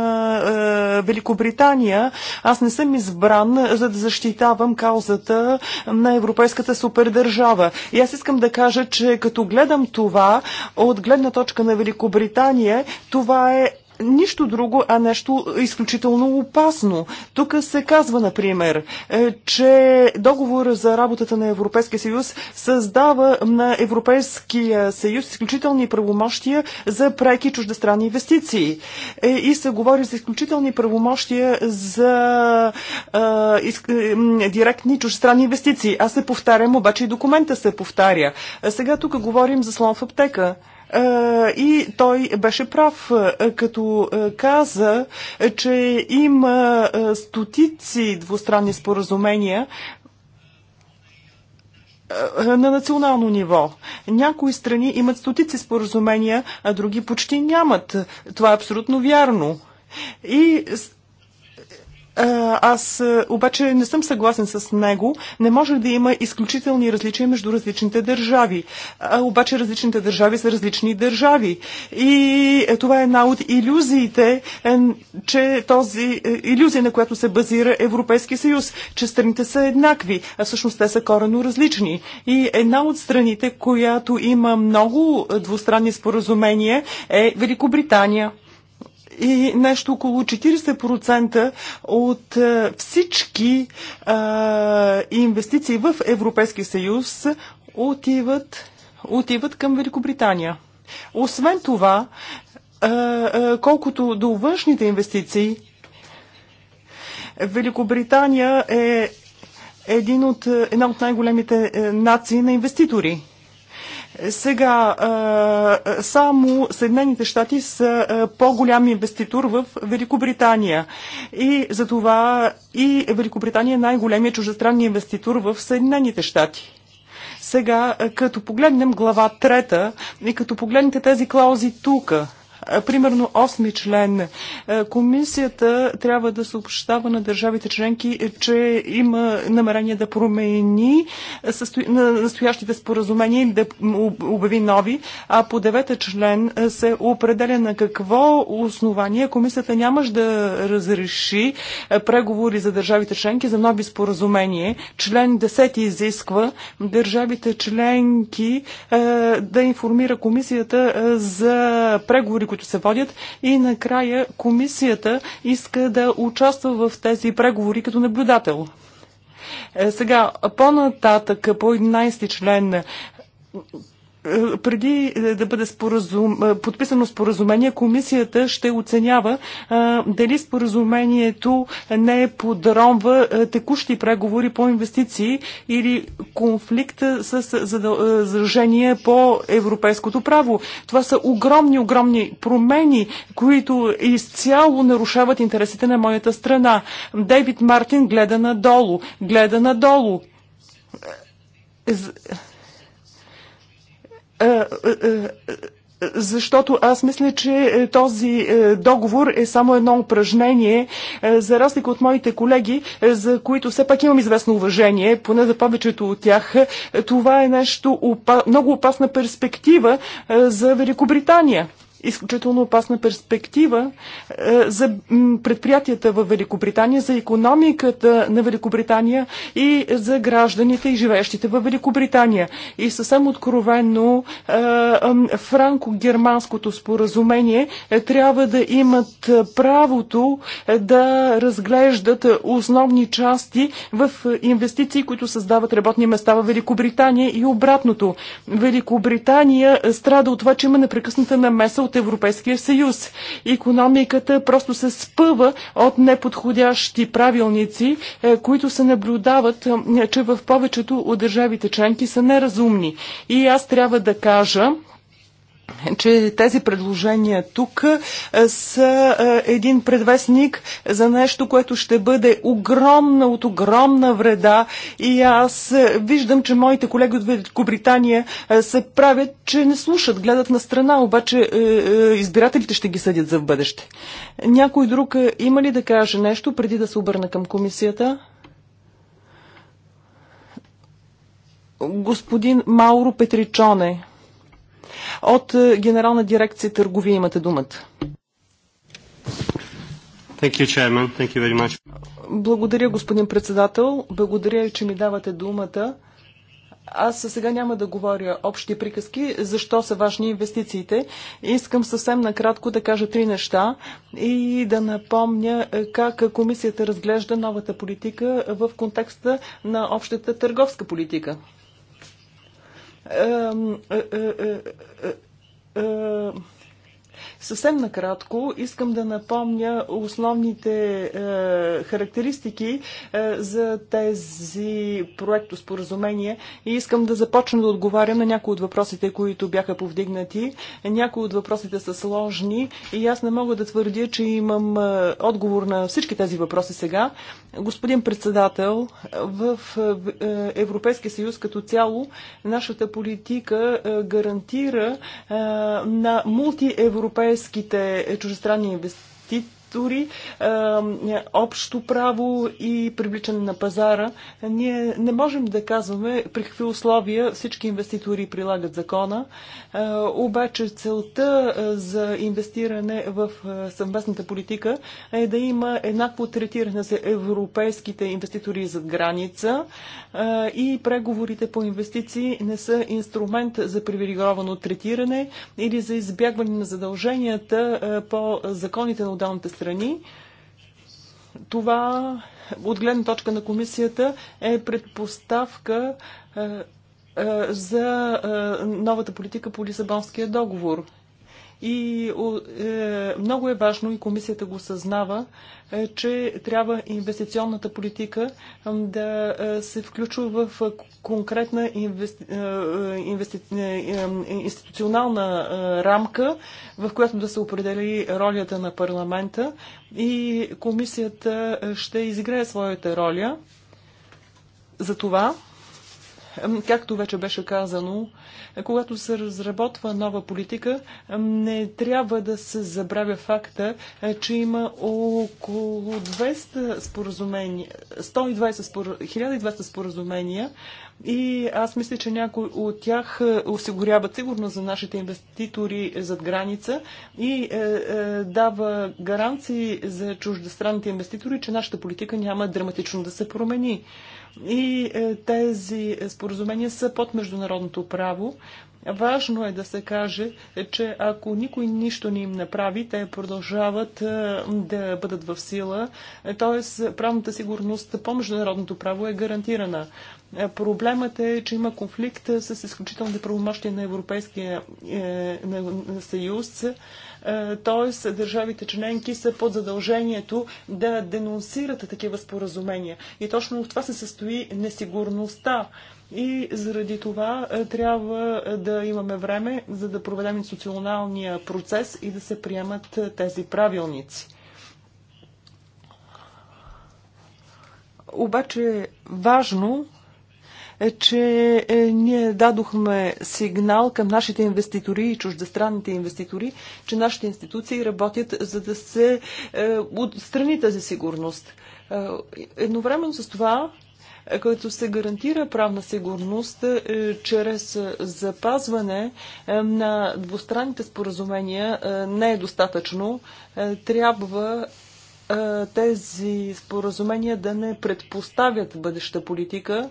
Великобритания. Аз не съм избран за да защитавам каузата на европейската супердържава. И аз искам да кажа, че като гледам това от гледна точка на Великобритания, това е нищо друго, а нещо изключително опасно. Тук се казва, например, е, че договор за работата на Европейския съюз създава на Европейския съюз изключителни правомощия за преки чуждестранни инвестиции. Е, и се говори за изключителни правомощия за а, е, из, директни чуждестранни инвестиции. Аз се повтарям, обаче и документа се повтаря. Сега тук говорим за слон в аптека. И той беше прав, като каза, че има стотици двустранни споразумения, на национално ниво. Някои страни имат стотици споразумения, а други почти нямат. Това е абсолютно вярно. И аз обаче не съм съгласен с него. Не може да има изключителни различия между различните държави. А, обаче различните държави са различни държави. И е, това е една от иллюзиите, е, че този е, иллюзия, на която се базира Европейски съюз, че страните са еднакви, а всъщност те са корено различни. И една от страните, която има много двустранни споразумения е Великобритания и нещо около 40% от е, всички а, инвестиции в Европейския съюз отиват, отиват към Великобритания. Освен това, а, е, а, е, колкото до външните инвестиции, Великобритания е един от, една от най-големите нации на инвеститори. Сега, само Съединените щати са по-голям инвеститор в Великобритания. И за това и Великобритания е най-големият чуждестранен инвеститор в Съединените щати. Сега, като погледнем глава трета и като погледнете тези клаузи тука, примерно 8 член, комисията трябва да съобщава на държавите членки, че има намерение да промени настоящите споразумения и да обяви нови, а по 9 член се определя на какво основание комисията нямаш да разреши преговори за държавите членки за нови споразумения. Член 10 изисква държавите членки да информира комисията за преговори, които се водят. И накрая комисията иска да участва в тези преговори като наблюдател. Е, сега, по-нататък, по 11 член преди е, да бъде споразум... Е, подписано споразумение, комисията ще оценява а, е, дали споразумението не е подронва текущи преговори по инвестиции или конфликт с задължения по европейското право. Това са огромни, огромни промени, които изцяло нарушават интересите на моята страна. Дейвид Мартин гледа надолу, гледа надолу е, е, е, защото аз мисля, че този договор е само едно упражнение, за разлика от моите колеги, за които все пак имам известно уважение, поне за повечето от тях. Това е нещо много опасна перспектива за Великобритания изключително опасна перспектива е, за предприятията в Великобритания, за економиката на Великобритания и за гражданите и живеещите в Великобритания. И съвсем откровенно е, франко-германското споразумение е, трябва да имат правото да разглеждат основни части в инвестиции, които създават работни места в Великобритания и обратното. Великобритания страда от това, че има непрекъсната намеса от Европейския съюз. Економиката просто се спъва от неподходящи правилници, е, които се наблюдават, е, че в повечето от държавите членки са неразумни. И аз трябва да кажа, че тези предложения тук е, са е, един предвестник за нещо, което ще бъде огромна от огромна вреда и аз е, виждам, че моите колеги от Великобритания се правят, че не слушат, гледат на страна, обаче избирателите ще ги съдят за в бъдеще. Някой друг има ли да каже нещо преди да се обърна към комисията? Господин Мауро Петричоне. От е, Генерална дирекция търговия имате думата. Thank you, Chairman. Thank you very much. Благодаря, господин председател. Благодаря, че ми давате думата. Аз сега няма да говоря общи приказки, защо са важни инвестициите. Искам съвсем накратко да кажа три неща и да напомня е, как комисията разглежда новата политика в контекста на общата търговска политика е, е, е, е, е, Съвсем накратко искам да напомня основните е, характеристики е, за тези проекто споразумение и искам да започна да отговарям на някои от въпросите, които бяха повдигнати. Някои от въпросите са сложни и аз не мога да твърдя, че имам е, отговор на всички тези въпроси сега. Господин председател, в е, е Европейския съюз като цяло нашата политика е, гарантира е, на мултиевропейския европейските чужестранни инвестиции структури, общо право и привличане на пазара. Ние не можем да казваме при какви условия всички инвеститори прилагат закона, обаче целта за инвестиране в съвместната политика е да има еднакво третиране за европейските инвеститори зад граница и преговорите по инвестиции не са инструмент за привилегировано третиране или за избягване на задълженията по законите на отделните страни. Това, от гледна точка на комисията, е предпоставка е, е, за е, новата политика по Лисабонския договор – и е, много е важно и комисията го съзнава, е, че трябва инвестиционната политика да е, се включва в е, конкретна инвести... Е, инвести... институционална рамка, в която да се определи ролята на парламента и комисията ще изиграе своята роля. За това Както вече беше казано, когато се разработва нова политика, не трябва да се забравя факта, е, че има около 200 споразумения, 120 1200 споразумения и аз мисля, че някои от тях е, осигуряват сигурност за нашите инвеститори зад граница и е, дава гаранции за чуждестранните инвеститори, че нашата политика няма драматично да се промени и е, тези споразумения са под международното право. Важно е да се каже, че ако никой нищо не им направи, те продължават е, да бъдат в сила. Т.е. правната сигурност по международното право е гарантирана. Е, проблемът е, че има конфликт с изключителните правомощия на Европейския е, съюз. Т.е. държавите членки са под задължението да денонсират такива споразумения. И точно в това се състои несигурността. И заради това е, трябва е, да имаме време, за да проведем институционалния процес и да се приемат е, тези правилници. Обаче важно е, че ние дадохме сигнал към нашите инвеститори и чуждестранните инвеститори, че нашите институции работят за да се отстрани тази сигурност. Едновременно с това като се гарантира правна сигурност е, чрез запазване е, на двустранните споразумения е, не е достатъчно. Трябва тези споразумения да не предпоставят бъдеща политика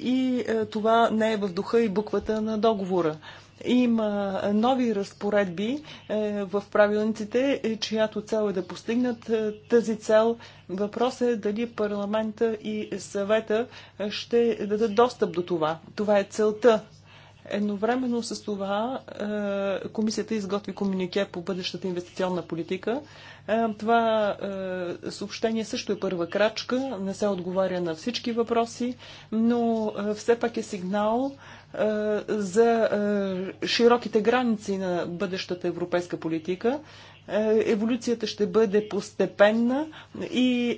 и това не е в духа и буквата на договора. Има нови разпоредби е, в правилниците, е, чиято цел е да постигнат е, тази цел. Въпросът е дали парламента и съвета ще дадат достъп до това. Това е целта Едновременно с това комисията изготви комюнике по бъдещата инвестиционна политика. Това съобщение също е първа крачка, не се отговаря на всички въпроси, но все пак е сигнал е, за е, широките граници на бъдещата европейска политика. Е, еволюцията ще бъде постепенна и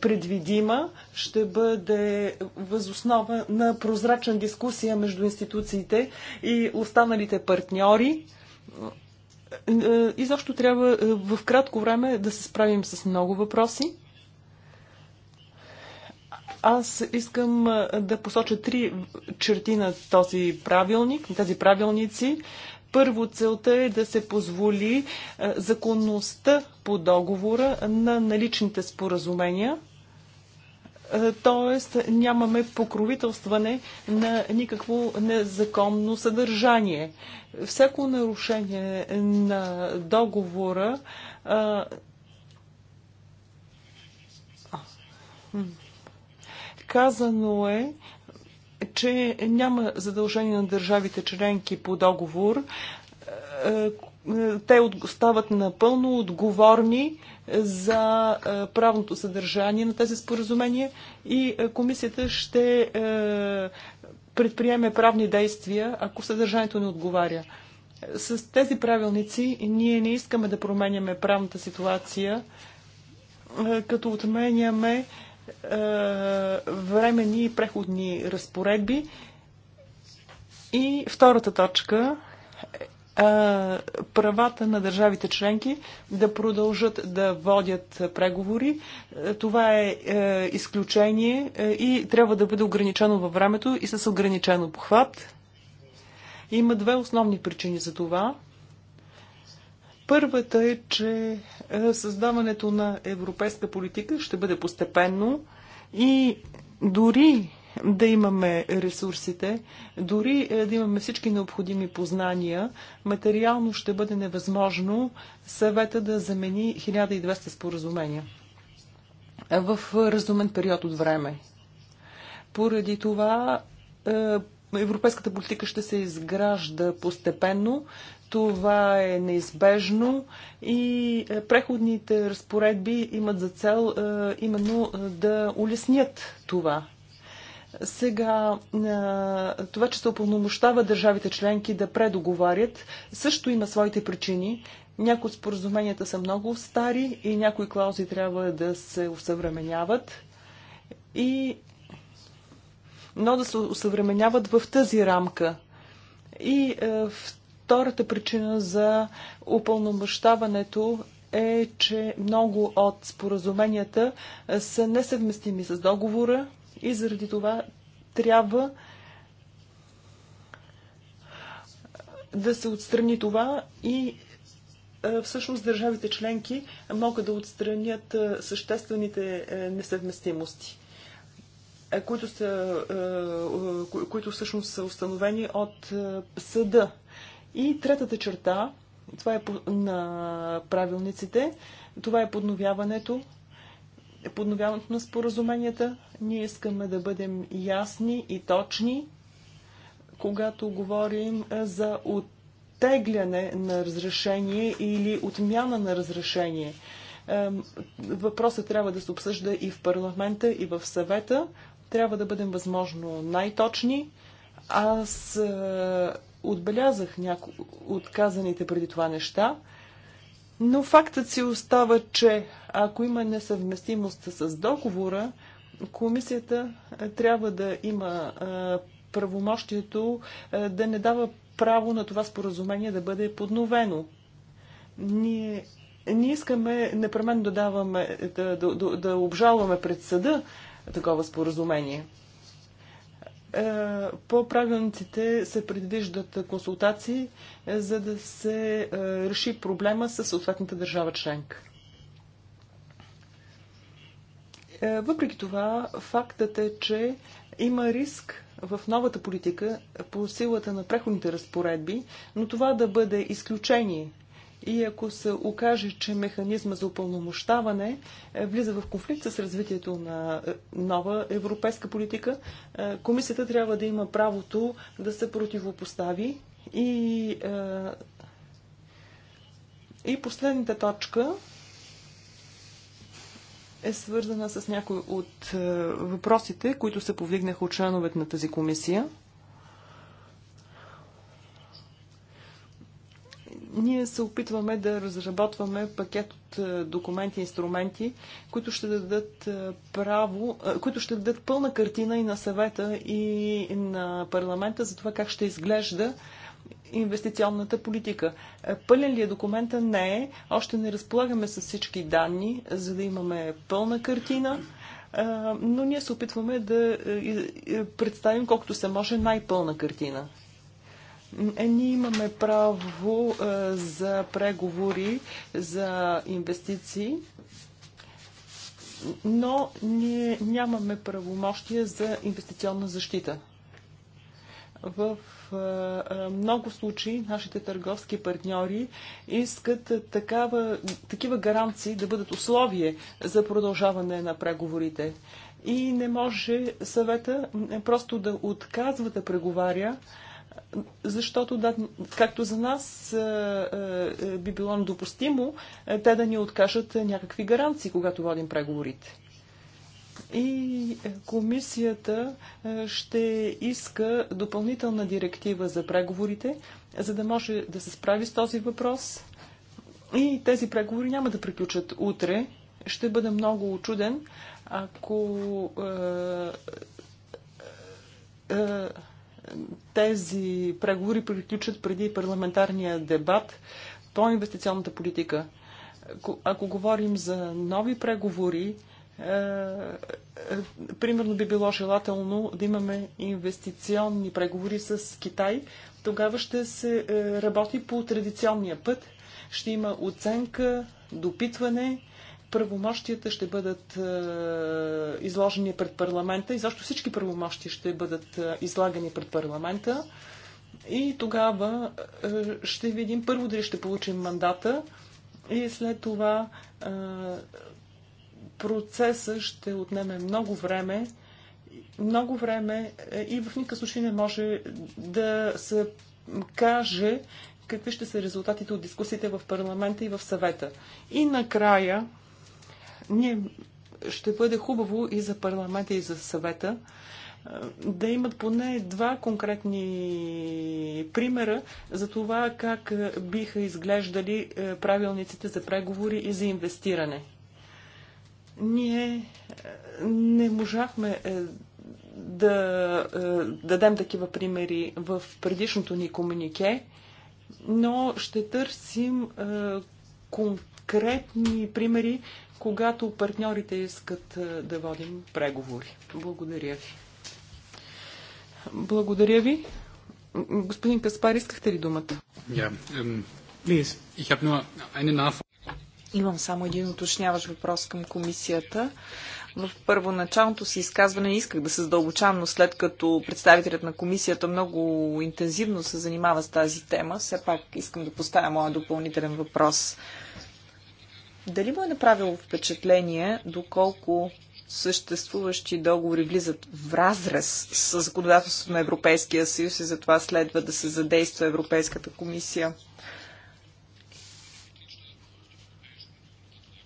предвидима, ще бъде възоснова на прозрачна дискусия между институциите и останалите партньори. Изобщо трябва в кратко време да се справим с много въпроси. Аз искам да посоча три черти на този правилник, на тези правилници. Първо целта е да се позволи законността по договора на наличните споразумения, т.е. нямаме покровителстване на никакво незаконно съдържание. Всяко нарушение на договора а... Казано е, че няма задължение на държавите членки по договор. Е, е, те стават напълно отговорни за е, правното съдържание на тези споразумения и комисията ще предприеме правни действия, ако съдържанието не отговаря. С тези правилници ние не искаме да променяме правната ситуация, като отменяме е, временни и преходни разпоредби. И втората точка е, е, правата на държавите членки да продължат да водят преговори. Това е изключение и трябва да бъде ограничено във времето и с ограничен обхват. Има две основни причини за това. Първата е, че е, създаването на европейска политика ще бъде постепенно и дори да имаме ресурсите, дори е, да имаме всички необходими познания, материално ще бъде невъзможно съвета да замени 1200 споразумения в разумен период от време. Поради това е, Европейската политика ще се изгражда постепенно, това е неизбежно и е, преходните разпоредби имат за цел е, именно е, да улеснят това. Сега, това, че се опълномощава държавите членки да предоговарят, също има своите причини. Някои от споразуменията са много стари и някои клаузи трябва да се усъвременяват. И... Но да се усъвременяват в тази рамка. И в Втората причина за упълномащаването е, че много от споразуменията са несъвместими с договора и заради това трябва да се отстрани това и всъщност държавите членки могат да отстранят съществените несъвместимости, които, са, които всъщност са установени от съда. И третата черта, това е на правилниците, това е подновяването, подновяването на споразуменията. Ние искаме да бъдем ясни и точни, когато говорим за оттегляне на разрешение или отмяна на разрешение. Въпросът трябва да се обсъжда и в парламента, и в съвета. Трябва да бъдем възможно най-точни. Аз отбелязах някои от казаните преди това неща, но фактът си остава, че ако има несъвместимост с договора, комисията е, трябва да има е, правомощието е, да не дава право на това споразумение да бъде подновено. Ние ние искаме непременно да даваме, да, да, да, да обжалваме пред съда такова споразумение. Е, по правилниците се предвиждат консултации, е, за да се е, реши проблема с съответната държава членка. Въпреки това, фактът е, че има риск в новата политика по силата на преходните разпоредби, но това да бъде изключение, и ако се окаже, че механизма за упълномощаване е, влиза в конфликт с развитието на е, нова европейска политика, е, комисията трябва да има правото да се противопостави и, и последната точка е свързана с някои от въпросите, които се повдигнаха от членовете на тази комисия. Ние се опитваме да разработваме пакет от е, документи и инструменти, които ще дадат е, право, е, които ще дадат пълна картина и на съвета, и на парламента за това как ще изглежда инвестиционната политика. Пълен ли е документа? Не е. Още не разполагаме с всички данни, за да имаме пълна картина, но ние се опитваме да представим колкото се може най-пълна картина. Е, ние имаме право е, за преговори за инвестиции, но ние нямаме правомощия за инвестиционна защита. В е, много случаи нашите търговски партньори искат такава, такива гаранции да бъдат условие за продължаване на преговорите. И не може съвета просто да отказва да преговаря, защото, да, както за нас е, е, е, би било недопустимо, те да ни откажат някакви гаранции, когато водим преговорите. И комисията ще иска допълнителна директива за преговорите, за да може да се справи с този въпрос. И тези преговори няма да приключат утре. Ще бъда много очуден, ако. Е, е, тези преговори приключат преди парламентарния дебат по инвестиционната политика. Ако говорим за нови преговори, е, е, примерно би било желателно да имаме инвестиционни преговори с Китай, тогава ще се е, работи по традиционния път. Ще има оценка, допитване, правомощията ще бъдат е, изложени пред парламента и защо всички правомощия ще бъдат е, излагани пред парламента. И тогава е, ще видим първо дали ще получим мандата и след това процеса ще отнеме много време. Много време и в никакъв случай не може да се каже какви ще са резултатите от дискусиите в парламента и в съвета. И накрая ние ще бъде хубаво и за парламента, и за съвета да имат поне два конкретни примера за това как биха изглеждали правилниците за преговори и за инвестиране. Ние не можахме да дадем такива примери в предишното ни комунике, но ще търсим конкретни примери когато партньорите искат да водим преговори. Благодаря ви. Благодаря ви. Господин Каспар, искахте ли думата? Yeah, please, Имам само един уточняващ въпрос към комисията. В първоначалното си изказване исках да се задълбочавам, но след като представителят на комисията много интензивно се занимава с тази тема, все пак искам да поставя моя допълнителен въпрос. Uh, дали му е направило впечатление доколко съществуващи договори влизат в разрез с законодателството на Европейския съюз и затова следва да се задейства Европейската комисия?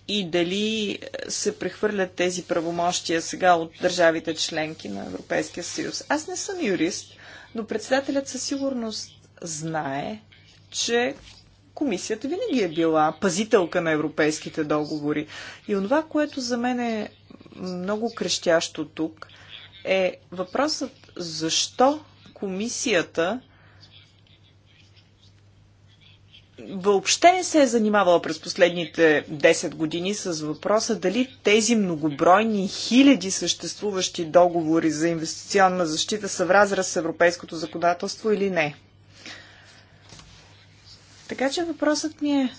И дали се прехвърлят тези правомощия сега от държавите членки на Европейския съюз? Аз не съм юрист, но председателят със сигурност знае, че комисията винаги е била пазителка на европейските договори. И онова, което за мен е много крещящо тук, е въпросът защо комисията въобще не се е занимавала през последните 10 години с въпроса дали тези многобройни хиляди съществуващи договори за инвестиционна защита са в разраз с европейското законодателство или не. Така че въпросът ми е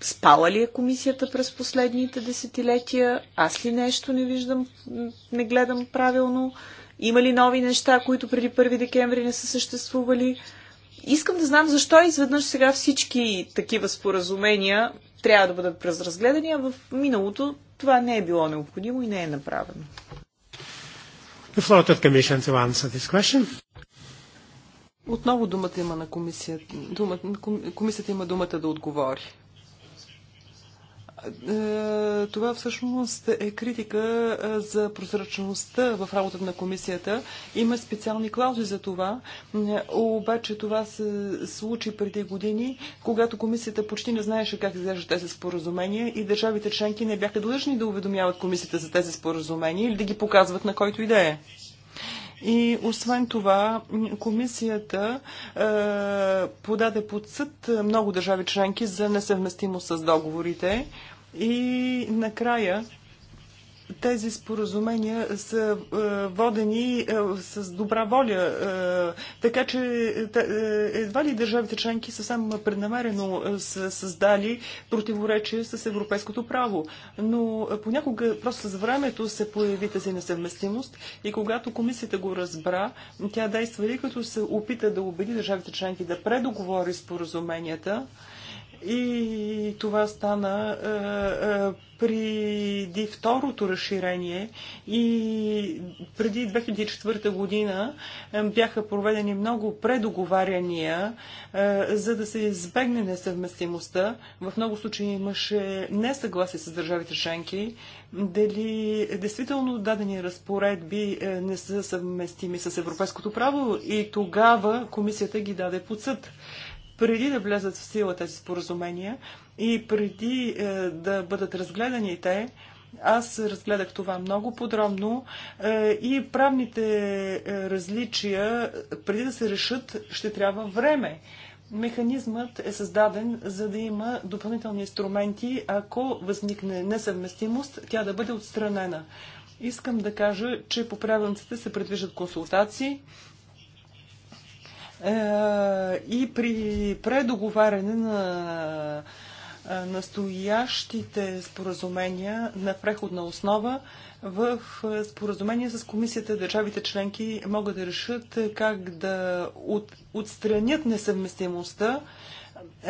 спала ли е комисията през последните десетилетия? Аз ли нещо не виждам, не гледам правилно? Има ли нови неща, които преди 1 декември не са съществували? Искам да знам защо изведнъж сега всички такива споразумения трябва да бъдат разгледани, а в миналото това не е било необходимо и не е направено. The floor to the Commission to answer this question. Отново думата има на комисията. Думата, комисията има думата да отговори. Е, това всъщност е критика е, за прозрачността в работата на комисията. Има специални клаузи за това, е, обаче това се случи преди години, когато комисията почти не знаеше как изглежда тези споразумения и държавите членки не бяха длъжни да уведомяват комисията за тези споразумения или да ги показват на който идея. е. И освен това, комисията е, подаде под съд много държави членки за несъвместимост с договорите. И накрая тези споразумения са е, водени е, с добра воля, е, така че едва ли държавите членки съвсем преднамерено са създали противоречие с европейското право. Но понякога просто с времето се появи тази несъвместимост и когато комисията го разбра, тя действа и като се опита да убеди държавите членки да предоговори споразуменията, и това стана е, е, преди второто разширение и преди 2004 година е, бяха проведени много предоговаряния, за да се избегне несъвместимостта. В много случаи имаше несъгласие с държавите членки, дали действително дадени разпоредби не са съвместими с европейското право и тогава комисията ги даде под съд преди да влезат в сила тези споразумения и преди е, да бъдат разгледани те, аз разгледах това много подробно е, и правните е, различия, преди да се решат, ще трябва време. Механизмът е създаден, за да има допълнителни инструменти, ако възникне несъвместимост, тя да бъде отстранена. Искам да кажа, че по правилниците се предвиждат консултации, е, и при предоговаряне на е, настоящите споразумения на преходна основа в е, споразумение с комисията държавите членки могат да решат как да отстранят несъвместимостта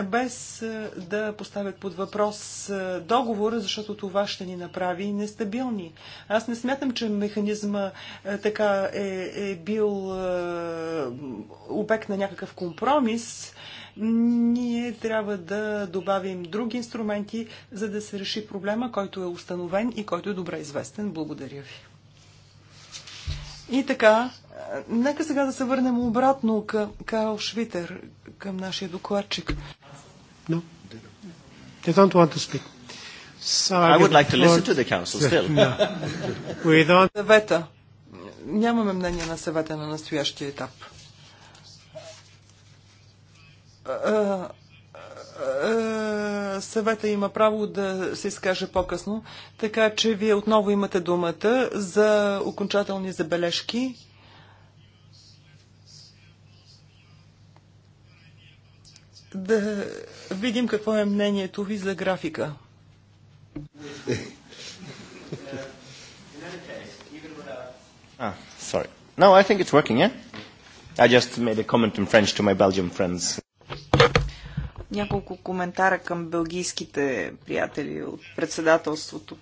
без е, да поставят под въпрос е, договора, защото това ще ни направи нестабилни. Аз не смятам, че механизма е, така е, е бил обект на някакъв компромис. Ние трябва да добавим други инструменти, за да се реши проблема, който е установен и който е добре известен. Благодаря ви. И така, Нека сега да се върнем обратно към Карл Швитер, към нашия докладчик. No. They don't want to speak. So I would like to listen to the council still. no. We don't... Съвета. Нямаме мнение на съвета на настоящия етап. съвета има право да се изкаже по-късно, така че вие отново имате думата за окончателни забележки. да видим какво е мнението ви за графика. Ah, sorry. No, I think it's working, yeah? I just made a comment in French to my Belgian friends. Няколко коментара към белгийските приятели от председателството.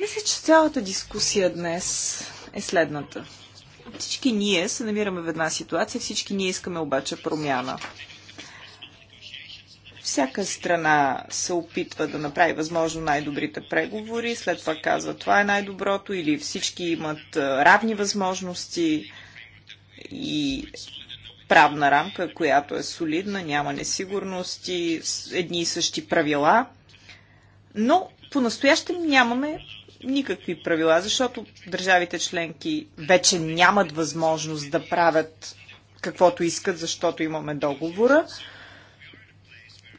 Мисля, че цялата дискусия днес е следната. Всички ние се намираме в една ситуация, всички ние искаме обаче промяна. Всяка страна се опитва да направи възможно най-добрите преговори, след това казва това е най-доброто или всички имат равни възможности и правна рамка, която е солидна, няма несигурности, едни и същи правила. Но по-настоящем нямаме никакви правила, защото държавите членки вече нямат възможност да правят каквото искат, защото имаме договора.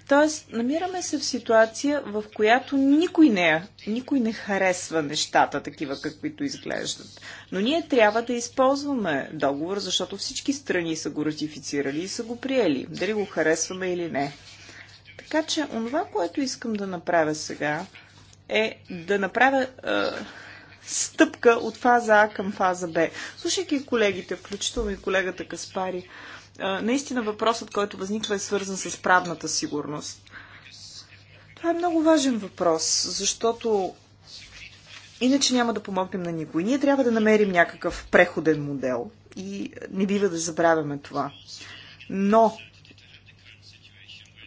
Тоест, намираме се в ситуация, в която никой не, е, никой не харесва нещата такива, каквито изглеждат. Но ние трябва да използваме договор, защото всички страни са го ратифицирали и са го приели, дали го харесваме или не. Така че, онова, което искам да направя сега, е да направя стъпка от фаза А към фаза Б. Слушайки колегите, включително и колегата Каспари, наистина въпросът, който възниква е свързан с правната сигурност. Това е много важен въпрос, защото иначе няма да помогнем на никой. Ние трябва да намерим някакъв преходен модел и не бива да забравяме това. Но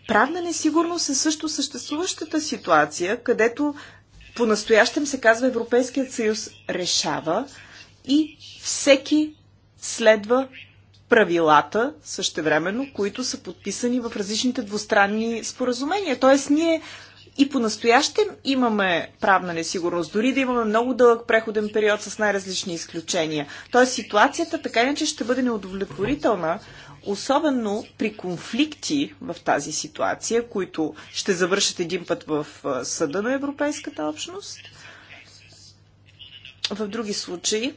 Правна несигурност е също съществуващата ситуация, където по-настоящем се казва Европейският съюз решава и всеки следва правилата, същевременно, които са подписани в различните двустранни споразумения. Тоест ние и по-настоящем имаме правна несигурност, дори да имаме много дълъг преходен период с най-различни изключения. Тоест ситуацията така иначе ще бъде неудовлетворителна особено при конфликти в тази ситуация, които ще завършат един път в съда на Европейската общност. В други случаи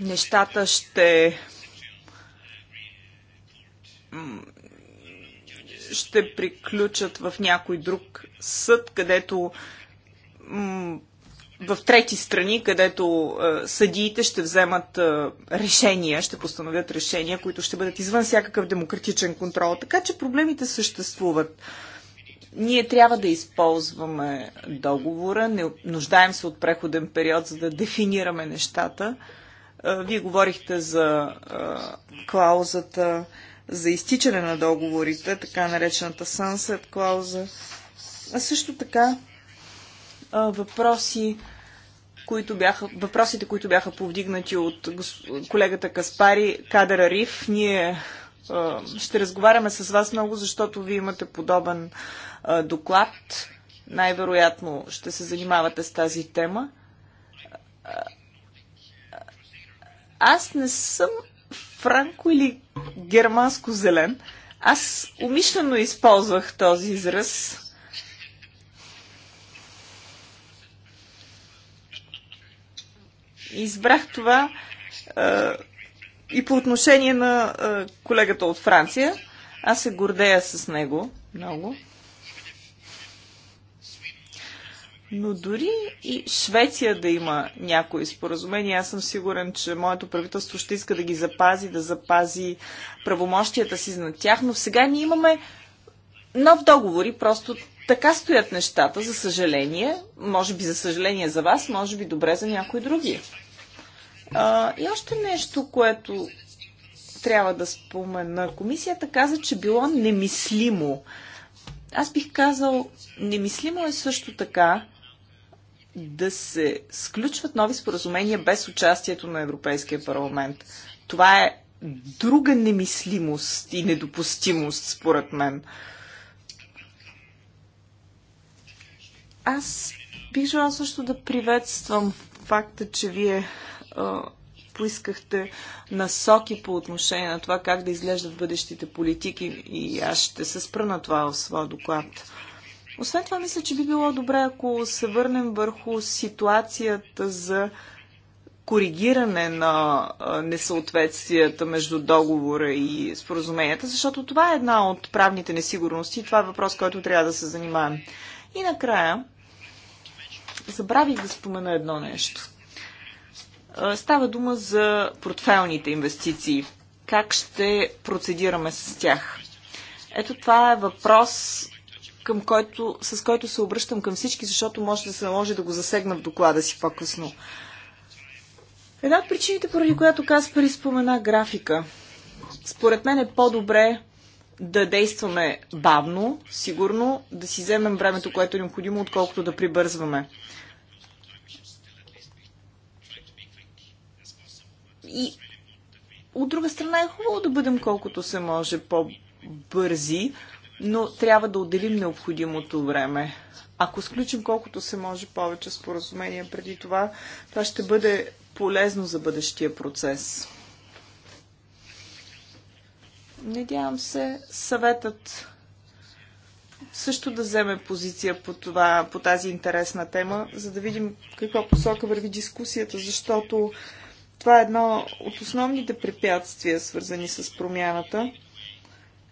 нещата ще ще приключат в някой друг съд, където в трети страни, където е, съдиите ще вземат е, решения, ще постановят решения, които ще бъдат извън всякакъв демократичен контрол. Така че проблемите съществуват. Ние трябва да използваме договора, не нуждаем се от преходен период, за да дефинираме нещата. Е, вие говорихте за клаузата за изтичане на договорите, така наречената sunset клауза. А също така въпроси които бяха, въпросите, които бяха повдигнати от колегата Каспари Кадъра Риф. Ние е, ще разговаряме с вас много, защото вие имате подобен е, доклад. Най-вероятно ще се занимавате с тази тема. Е, аз не съм франко или германско зелен. Аз умишлено използвах този израз, избрах това и по отношение на колегата от Франция. Аз се гордея с него много. Но дори и Швеция да има някои споразумения, аз съм сигурен, че моето правителство ще иска да ги запази, да запази правомощията си на тях, но сега ние имаме нов договор и просто така стоят нещата, за съжаление. Може би за съжаление за вас, може би добре за някои други. А, и още нещо, което трябва да спомена. Комисията каза, че било немислимо. Аз бих казал, немислимо е също така да се сключват нови споразумения без участието на Европейския парламент. Това е друга немислимост и недопустимост, според мен. Аз бих желал също да приветствам факта, че вие поискахте насоки по отношение на това как да изглеждат бъдещите политики и аз ще се спра на това в своя доклад. Освен това, мисля, че би било добре, ако се върнем върху ситуацията за коригиране на несъответствията между договора и споразуменията, защото това е една от правните несигурности и това е въпрос, който трябва да се занимаем. И накрая, забравих да спомена едно нещо – е, става дума за портфелните инвестиции. Как ще процедираме с тях? Ето това е въпрос, към който, с който се обръщам към всички, защото може да се наложи да го засегна в доклада си по-късно. Една от причините, поради която Каспари спомена графика. Според мен е по-добре да действаме бавно, сигурно, да си вземем времето, което е необходимо, отколкото да прибързваме. И от друга страна е хубаво да бъдем колкото се може по-бързи, но трябва да отделим необходимото време. Ако сключим колкото се може повече споразумения преди това, това ще бъде полезно за бъдещия процес. Надявам се съветът също да вземе позиция по, това, по тази интересна тема, за да видим каква посока върви дискусията, защото това е едно от основните препятствия, свързани с промяната,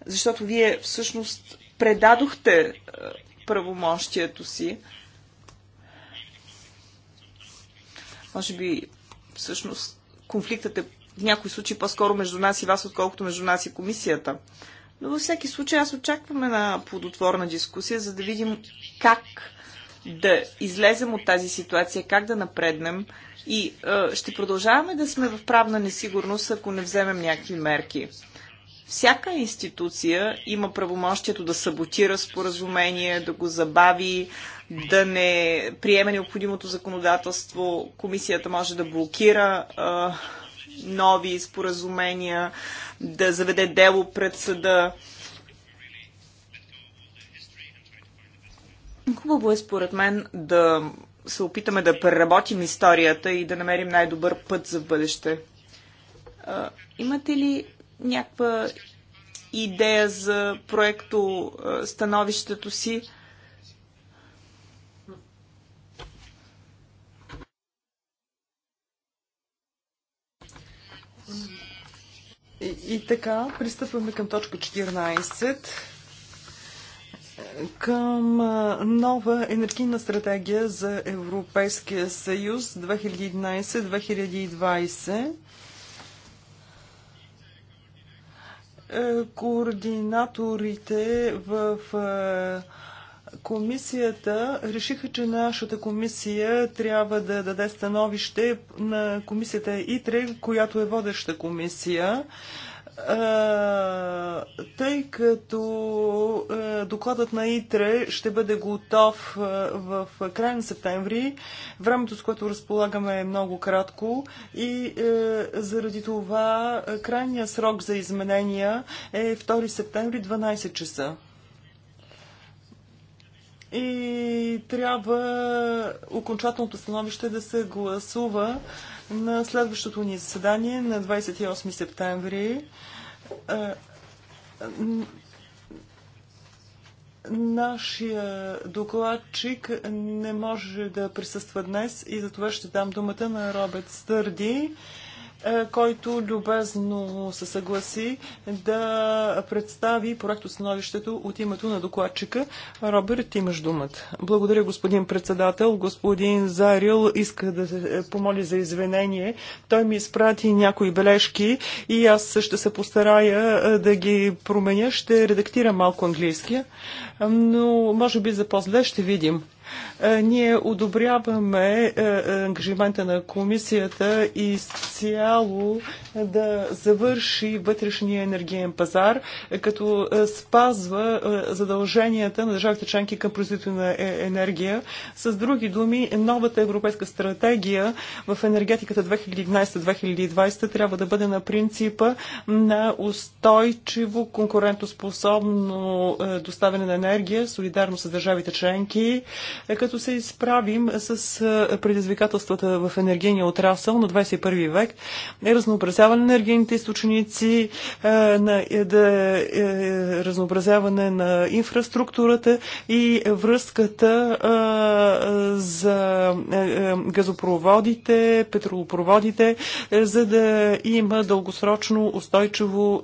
защото вие всъщност предадохте е, правомощието си. Може би всъщност конфликтът е в някои случаи по-скоро между нас и вас, отколкото между нас и комисията. Но във всеки случай аз очакваме на плодотворна дискусия, за да видим как да излезем от тази ситуация, как да напреднем и е, ще продължаваме да сме в правна несигурност, ако не вземем някакви мерки. Всяка институция има правомощието да саботира споразумение, да го забави, да не приеме необходимото законодателство. Комисията може да блокира е, нови споразумения, да заведе дело пред съда. Е, Хубаво е според мен да се опитаме да преработим историята и да намерим най-добър път за бъдеще. А, имате ли някаква идея за проекто становището си? И, и така, пристъпваме към точка 14 към нова енергийна стратегия за Европейския съюз 2011-2020. Е, координаторите в комисията решиха, че нашата комисия трябва да даде становище на комисията ИТРЕ, която е водеща комисия тъй като докладът на ИТРЕ ще бъде готов в края на септември, времето с което разполагаме е много кратко и заради това крайният срок за изменения е 2 септември 12 часа. И трябва окончателното становище да се гласува на следващото ни заседание на 28 септември е, Нашия докладчик не може да присъства днес и затова ще дам думата на Робет Стърди. Е, който любезно се съгласи да представи проектостановището от името на докладчика. Роберт, имаш думата. Благодаря, господин председател. Господин Зарил иска да се е, помоли за извинение. Той ми изпрати някои бележки и аз ще се постарая е, да ги променя. Ще редактирам малко английския, но може би за по-зле ще видим. Е, ние одобряваме е, е, ангажимента на комисията изцяло да завърши вътрешния енергиен пазар, като спазва задълженията на държавите членки към производителите на енергия. С други думи, новата европейска стратегия в енергетиката 2011-2020 трябва да бъде на принципа на устойчиво конкурентоспособно доставяне на енергия, солидарно с държавите членки, е като се изправим с е, предизвикателствата в енергийния отрасъл на 21 век, е разнообразяване на енергийните източници, е, на, да, е, разнообразяване на инфраструктурата и връзката е, за е, газопроводите, петролопроводите, за да има дългосрочно устойчиво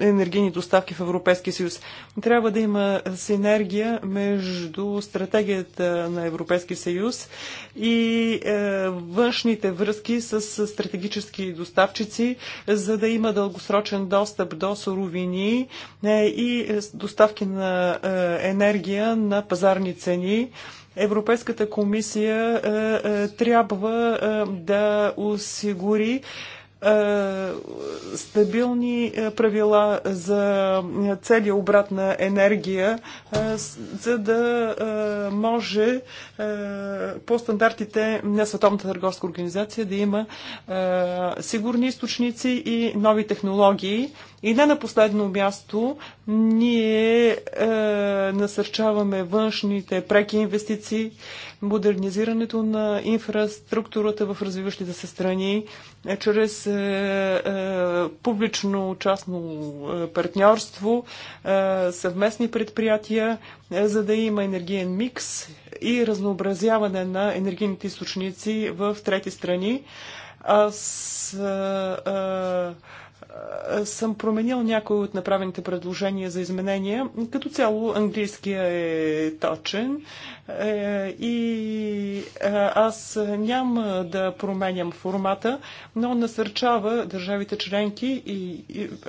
енергийни доставки в Европейския съюз. Трябва да има синергия между стратегията на Европейски съюз и е, външните връзки с стратегически доставчици, за да има дългосрочен достъп до суровини е, и е, доставки на енергия на пазарни цени. Европейската комисия трябва да осигури е, стабилни е, правила за целия обрат на енергия, е, за да може по стандартите на Световната търговска организация да има сигурни източници и нови технологии. И не на последно място, ние насърчаваме външните преки инвестиции, модернизирането на инфраструктурата в развиващите се страни, е, чрез е, е, публично-частно е, партньорство, е, съвместни предприятия, е, за да има енергиен микс и разнообразяване на енергийните източници в трети страни. Аз съм променил някои от направените предложения за изменения. Като цяло английския е точен е, и е, аз няма да променям формата, но насърчава държавите членки и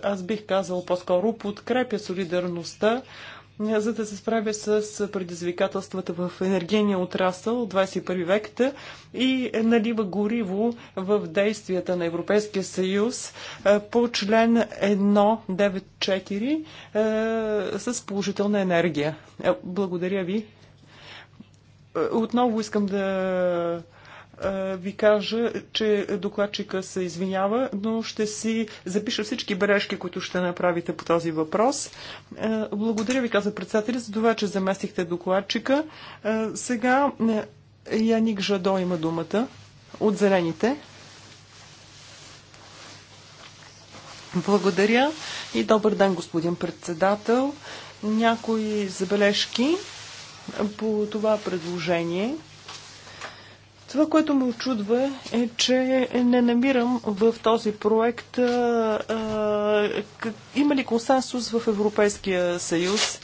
аз бих казал по-скоро подкрепя солидарността за да се справя с предизвикателствата в енергийния отрасъл от 21 век и налива гориво в действията на Европейския съюз по член 194 с положителна енергия. Е, благодаря ви. Е, отново искам да ви кажа, че докладчика се извинява, но ще си запиша всички бележки, които ще направите по този въпрос. Благодаря ви, каза председателя, за това, че заместихте докладчика. Сега Яник Жадо има думата от Зелените. Благодаря и добър ден, господин председател. Някои забележки по това предложение – това, което ме очудва е, че не намирам в този проект а, а, има ли консенсус в Европейския съюз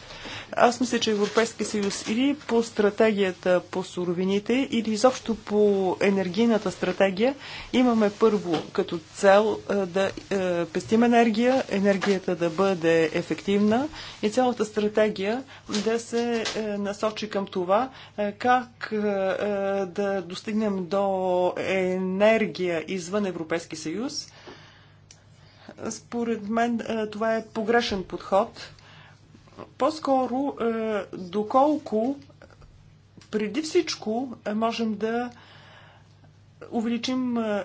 аз мисля, че Европейския съюз или по стратегията по суровините, или изобщо по енергийната стратегия имаме първо като цел да пестим енергия, енергията да бъде ефективна и цялата стратегия да се насочи към това как да достигнем до енергия извън Европейски съюз. Според мен това е погрешен подход по-скоро, е, доколко преди всичко е, можем да увеличим е,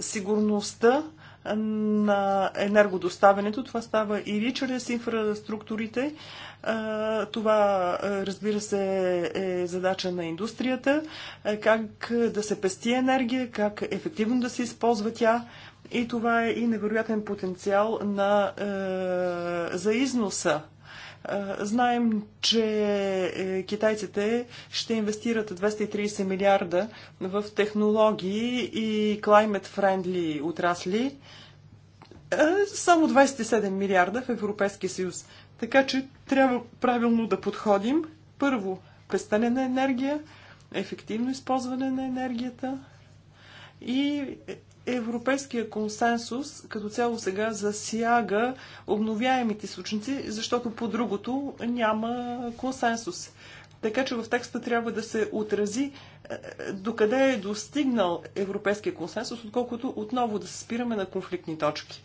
сигурността на енергодоставянето. Това става или чрез инфраструктурите. Това, разбира се, е задача на индустрията. Как да се пести енергия, как ефективно да се използва тя. И това е и невероятен потенциал на, за износа Знаем, че е, китайците ще инвестират 230 милиарда в технологии и climate-friendly отрасли. Само 27 милиарда в Европейския съюз. Така че трябва правилно да подходим. Първо, пестане на енергия, ефективно използване на енергията и е, Европейския консенсус като цяло сега засяга обновяемите източници, защото по другото няма консенсус. Така че в текста трябва да се отрази е, докъде е достигнал европейския консенсус, отколкото отново да се спираме на конфликтни точки.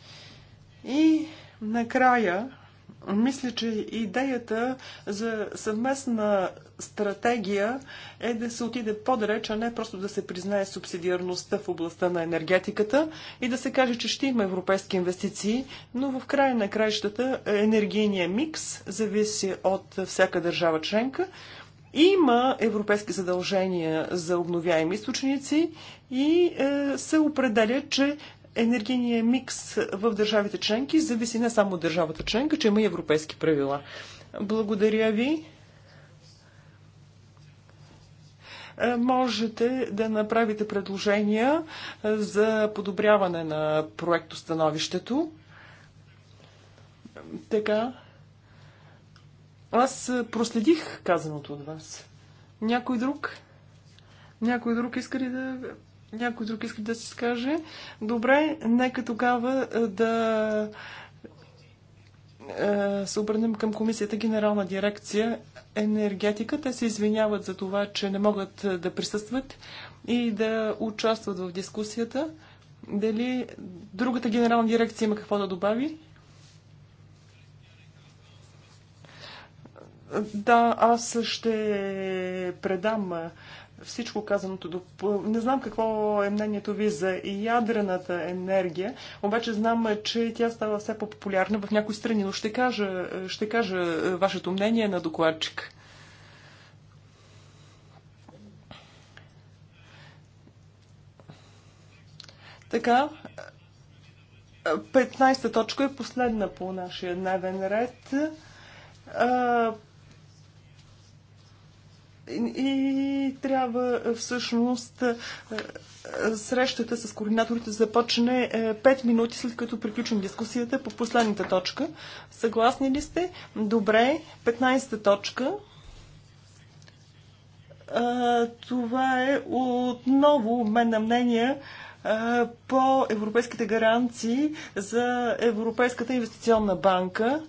И накрая мисля, че идеята за съвместна стратегия е да се отиде по-далеч, а не просто да се признае субсидиарността в областта на енергетиката и да се каже, че ще има европейски инвестиции, но в края на краищата енергийният микс зависи от всяка държава членка. Има европейски задължения за обновяеми източници и е, се определя, че енергийния микс в държавите членки зависи не само от държавата членка, че има и европейски правила. Благодаря ви. Е, можете да направите предложения е, за подобряване на проектостановището. Така. Аз проследих казаното от вас. Някой друг? Някой друг иска ли да някой друг иска да се скаже. Добре, нека тогава е, да е, се обърнем към комисията Генерална дирекция енергетика. Те се извиняват за това, че не могат е, да присъстват и да участват в дискусията. Дали другата генерална дирекция има какво да добави? Да, аз ще предам всичко казаното. До... Не знам какво е мнението ви за ядрената енергия, обаче знам, че тя става все по-популярна в някои страни, но ще кажа, ще кажа е, вашето мнение на докладчик. Така, 15-та е, точка е последна по нашия дневен ред е, и трябва е, всъщност е, е, срещата с координаторите да започне 5 минути след като приключим дискусията по последната точка. Съгласни ли сте? Добре, 15-та точка. Това е отново обмен на мнение по европейските гаранции за Европейската инвестиционна банка.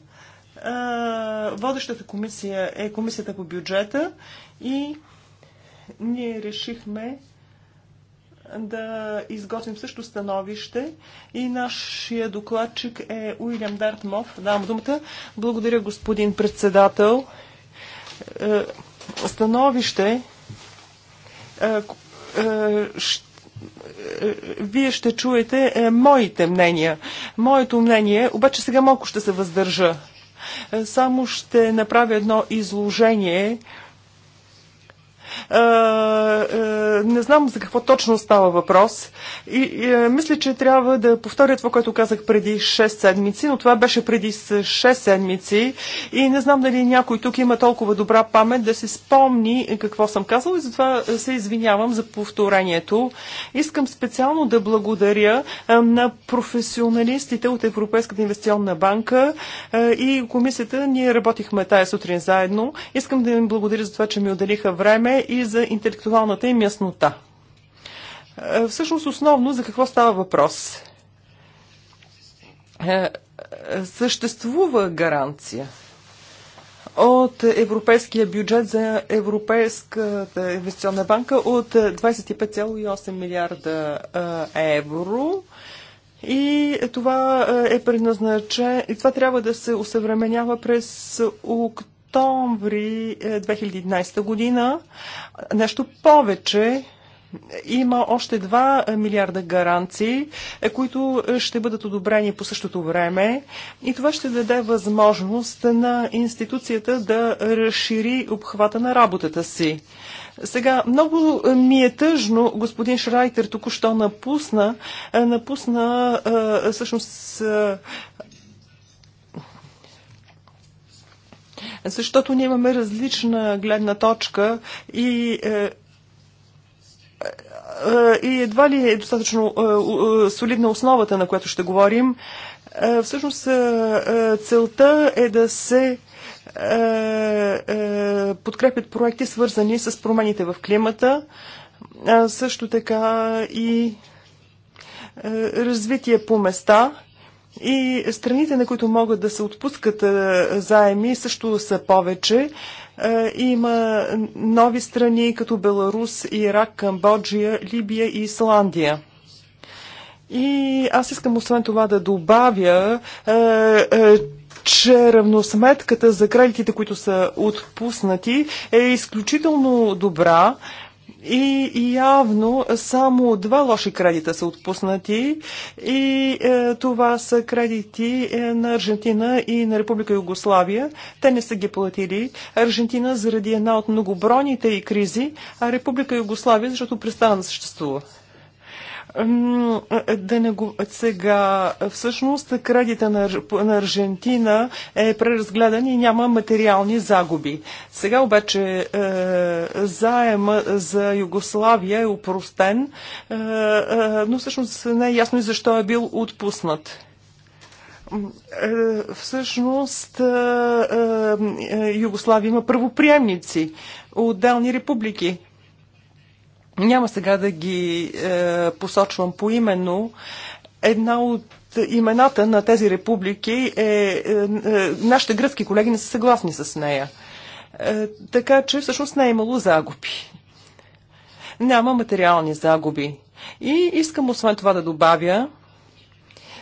Водещата комисия е комисията по бюджета и ние решихме да изготвим също становище и нашия докладчик е Уилям Дартмов. Дам думата. Благодаря, господин председател. Е, становище е, е, вие ще чуете моите мнения. Моето мнение, обаче сега малко ще се въздържа само ще направя едно изложение е, е, не знам за какво точно става въпрос. И, и е, мисля, че трябва да повторя това, което казах преди 6 седмици, но това беше преди 6 седмици и не знам дали някой тук има толкова добра памет да се спомни какво съм казал и затова се извинявам за повторението. Искам специално да благодаря на професионалистите от Европейската инвестиционна банка и комисията. Ние работихме тая сутрин заедно. Искам да им благодаря за това, че ми отделиха време и за интелектуалната им яснота. Е, всъщност основно за какво става въпрос? Е, е, съществува гаранция от европейския бюджет за Европейската инвестиционна банка от 25,8 милиарда евро. И това е предназначено. И това трябва да се усъвременява през октомври октомври 2011 е, година. Нещо повече има още 2 милиарда гаранции, е, които е, ще бъдат одобрени по същото време и това ще даде възможност на институцията да разшири обхвата на работата си. Сега, много ми е тъжно, господин Шрайтер току-що напусна, напусна всъщност защото ние имаме различна гледна точка и е, е, е, и едва ли е достатъчно солидна основата, на която ще говорим. Всъщност целта е да се подкрепят проекти, свързани с промените в климата, също така и развитие по места – и страните, на които могат да се отпускат е, заеми, също са повече. Е, има нови страни, като Беларус, Ирак, Камбоджия, Либия и Исландия. И аз искам освен това да добавя, е, че равносметката за кредитите, които са отпуснати, е изключително добра. И явно само два лоши кредита са отпуснати и е, това са кредити е, на Аржентина и на Република Югославия. Те не са ги платили. Аржентина заради една от многобройните и кризи, а Република Югославия защото престана да съществува. Да не го... Сега, всъщност, кредита на, на Аржентина е преразгледан и няма материални загуби. Сега обаче е, заема за Югославия е упростен, е, е, но всъщност не е ясно и защо е бил отпуснат е, всъщност е, е, Югославия има правоприемници отделни републики. Няма сега да ги е, посочвам поименно. Една от имената на тези републики е, е, е нашите гръцки колеги не са съгласни с нея. Е, така че всъщност не е имало загуби. Няма материални загуби. И искам освен това да добавя,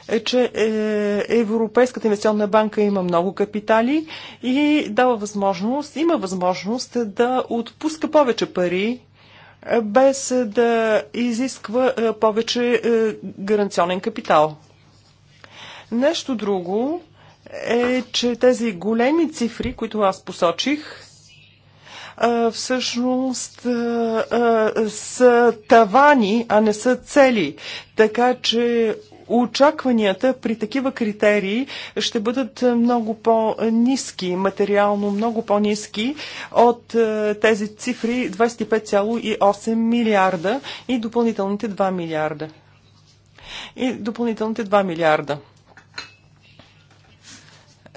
е, че е, Европейската инвестиционна банка има много капитали и дава възможност, има възможност да отпуска повече пари без да изисква е, повече е, гаранционен капитал. Нещо друго е, че тези големи цифри, които аз посочих, е, всъщност са тавани, а не са цели. Така че очакванията при такива критерии ще бъдат е, много по-низки, материално много по-низки от е, тези цифри 25,8 милиарда и допълнителните 2 милиарда. И допълнителните 2 милиарда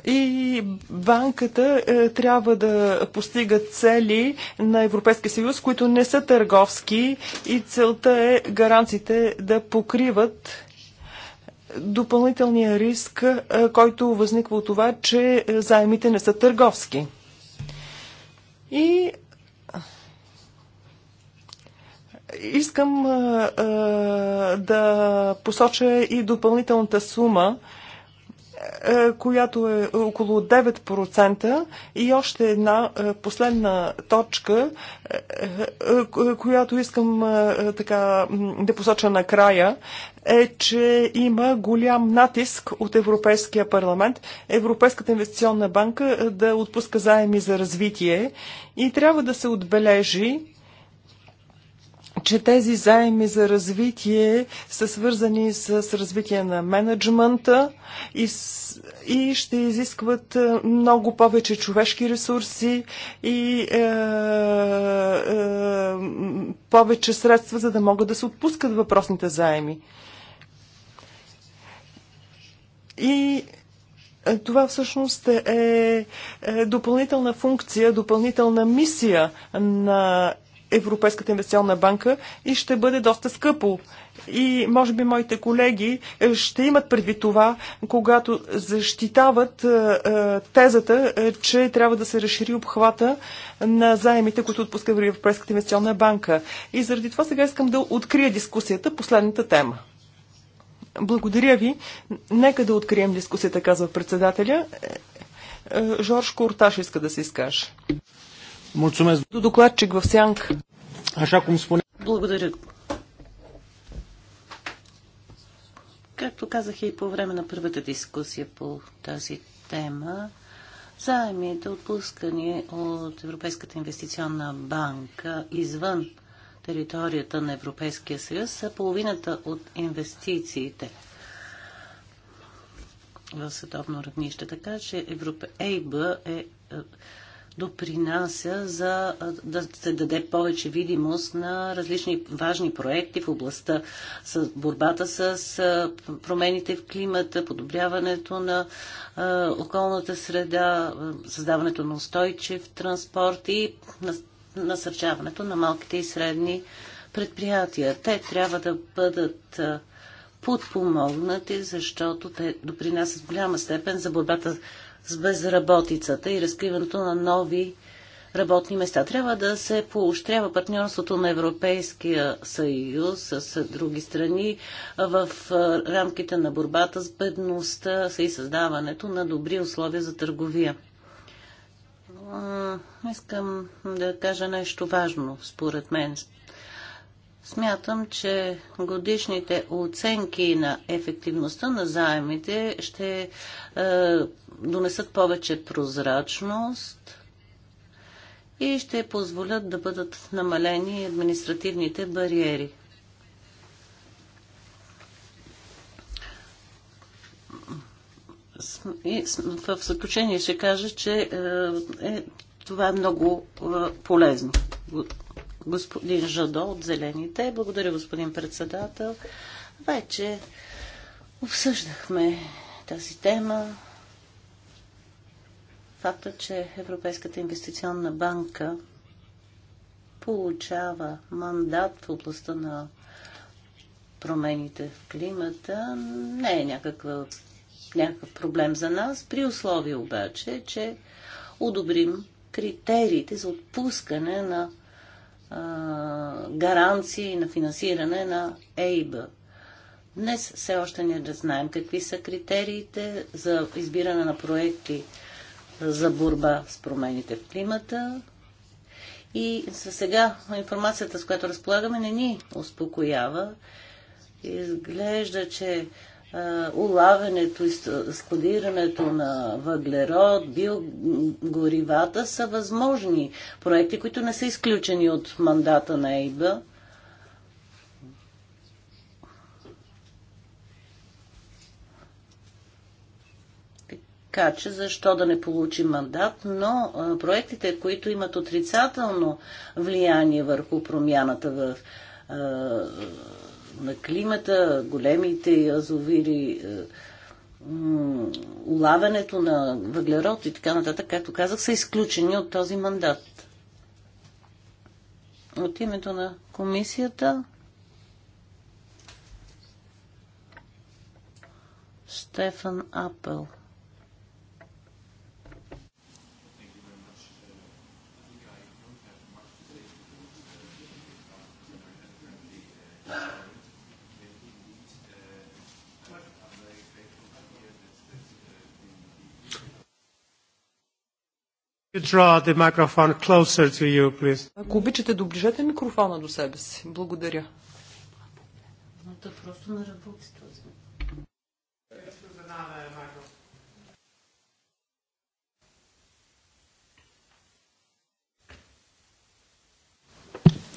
и банката е, трябва да постига цели на Европейския съюз, които не са търговски и целта е гаранциите да покриват допълнителния риск, е, който възниква от това, че е, заемите не са търговски. И искам е, да посоча и допълнителната сума, е, която е около 9% и още една е, последна точка, е, която искам така да посоча накрая, е, че има голям натиск от Европейския парламент, Европейската инвестиционна банка да отпуска заеми за развитие и трябва да се отбележи, че тези заеми за развитие са свързани с развитие на менеджмента и, и ще изискват е, много повече човешки ресурси и е, е, повече средства, за да могат да се отпускат въпросните заеми. И е, това всъщност е, е допълнителна функция, допълнителна мисия на Европейската инвестиционна банка и ще бъде доста скъпо. И може би моите колеги е, ще имат предвид това, когато защитават е, е, тезата, че трябва да се разшири обхвата на заемите, които отпуска Европейската инвестиционна банка. И заради това сега искам да открия дискусията последната тема. Благодаря ви. Нека да открием дискусията, казва председателя. Жорж Курташ иска да се изкаже докладчик в сянка. Благодаря. Както казах и по време на първата дискусия по тази тема, заемите отпускани от Европейската инвестиционна банка извън територията на Европейския съюз са половината от инвестициите в световно равнище. Така че Европа, е, е допринася за да се даде повече видимост на различни важни проекти в областта с борбата с промените в климата, подобряването на околната среда, създаването на устойчив транспорт и насърчаването на малките и средни предприятия. Те трябва да бъдат подпомогнати, защото те допринасят в голяма степен за борбата с безработицата и разкриването на нови работни места. Трябва да се поощрява партньорството на Европейския съюз с други страни в рамките на борбата с бедността и създаването на добри условия за търговия. Искам да кажа нещо важно, според мен, Смятам, че годишните оценки на ефективността на заемите ще е, донесат повече прозрачност и ще позволят да бъдат намалени административните бариери. В заключение ще кажа, че е, е това е много е, полезно господин Жадо от Зелените. Благодаря, господин председател. Вече обсъждахме тази тема. Факта, че Европейската инвестиционна банка получава мандат в областта на промените в климата, не е някаква, някакъв проблем за нас, при условие обаче, че одобрим критериите за отпускане на гаранции на финансиране на ЕИБ. Днес все още не да знаем какви са критериите за избиране на проекти за борба с промените в климата. И за сега информацията, с която разполагаме, не ни успокоява. Изглежда, че улавянето и складирането на въглерод, биогоривата са възможни проекти, които не са изключени от мандата на ЕИБА. Така че защо да не получи мандат, но а, проектите, които имат отрицателно влияние върху промяната в а, на климата, големите язовири, е, улавянето на въглерод и така нататък, както казах, са изключени от този мандат. От името на комисията Стефан Апел. draw the microphone closer to you, please. Ако обичате, доближете микрофона до себе си. Благодаря. Но то просто не работи този.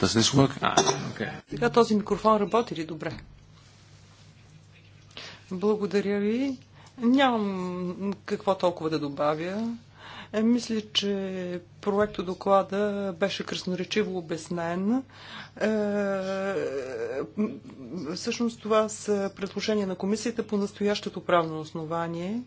Does this work? Ah, okay. Сега този микрофон работи ли добре? Благодаря ви. Нямам какво толкова да добавя. Е, мисля, че проекто доклада беше красноречиво обяснен. Е, всъщност това са предложения на комисията по настоящето правно основание.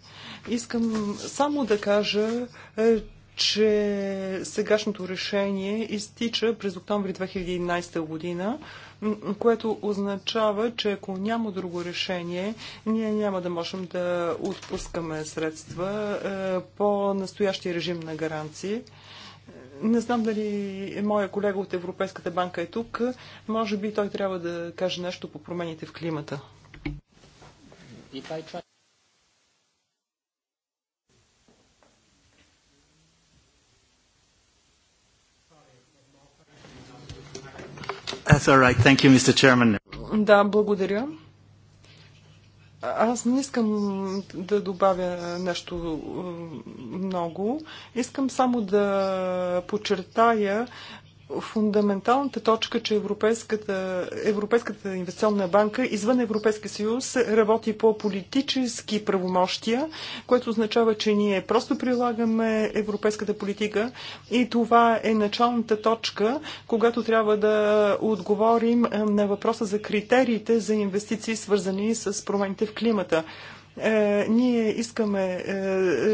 Искам само да кажа, е, че сегашното решение изтича през октомври 2011 година, което означава, че ако няма друго решение, ние няма да можем да отпускаме средства е, по настоящия режим на гаранции. Не знам дали моя колега от Европейската банка е тук. Може би той трябва да каже нещо по промените в климата. Right. You, да, благодаря. Аз не искам да добавя нещо много. Искам само да подчертая фундаменталната точка, че Европейската, Европейската инвестиционна банка извън Европейския съюз работи по политически правомощия, което означава, че ние просто прилагаме европейската политика и това е началната точка, когато трябва да отговорим на въпроса за критериите за инвестиции, свързани с промените в климата. Е, ние искаме е,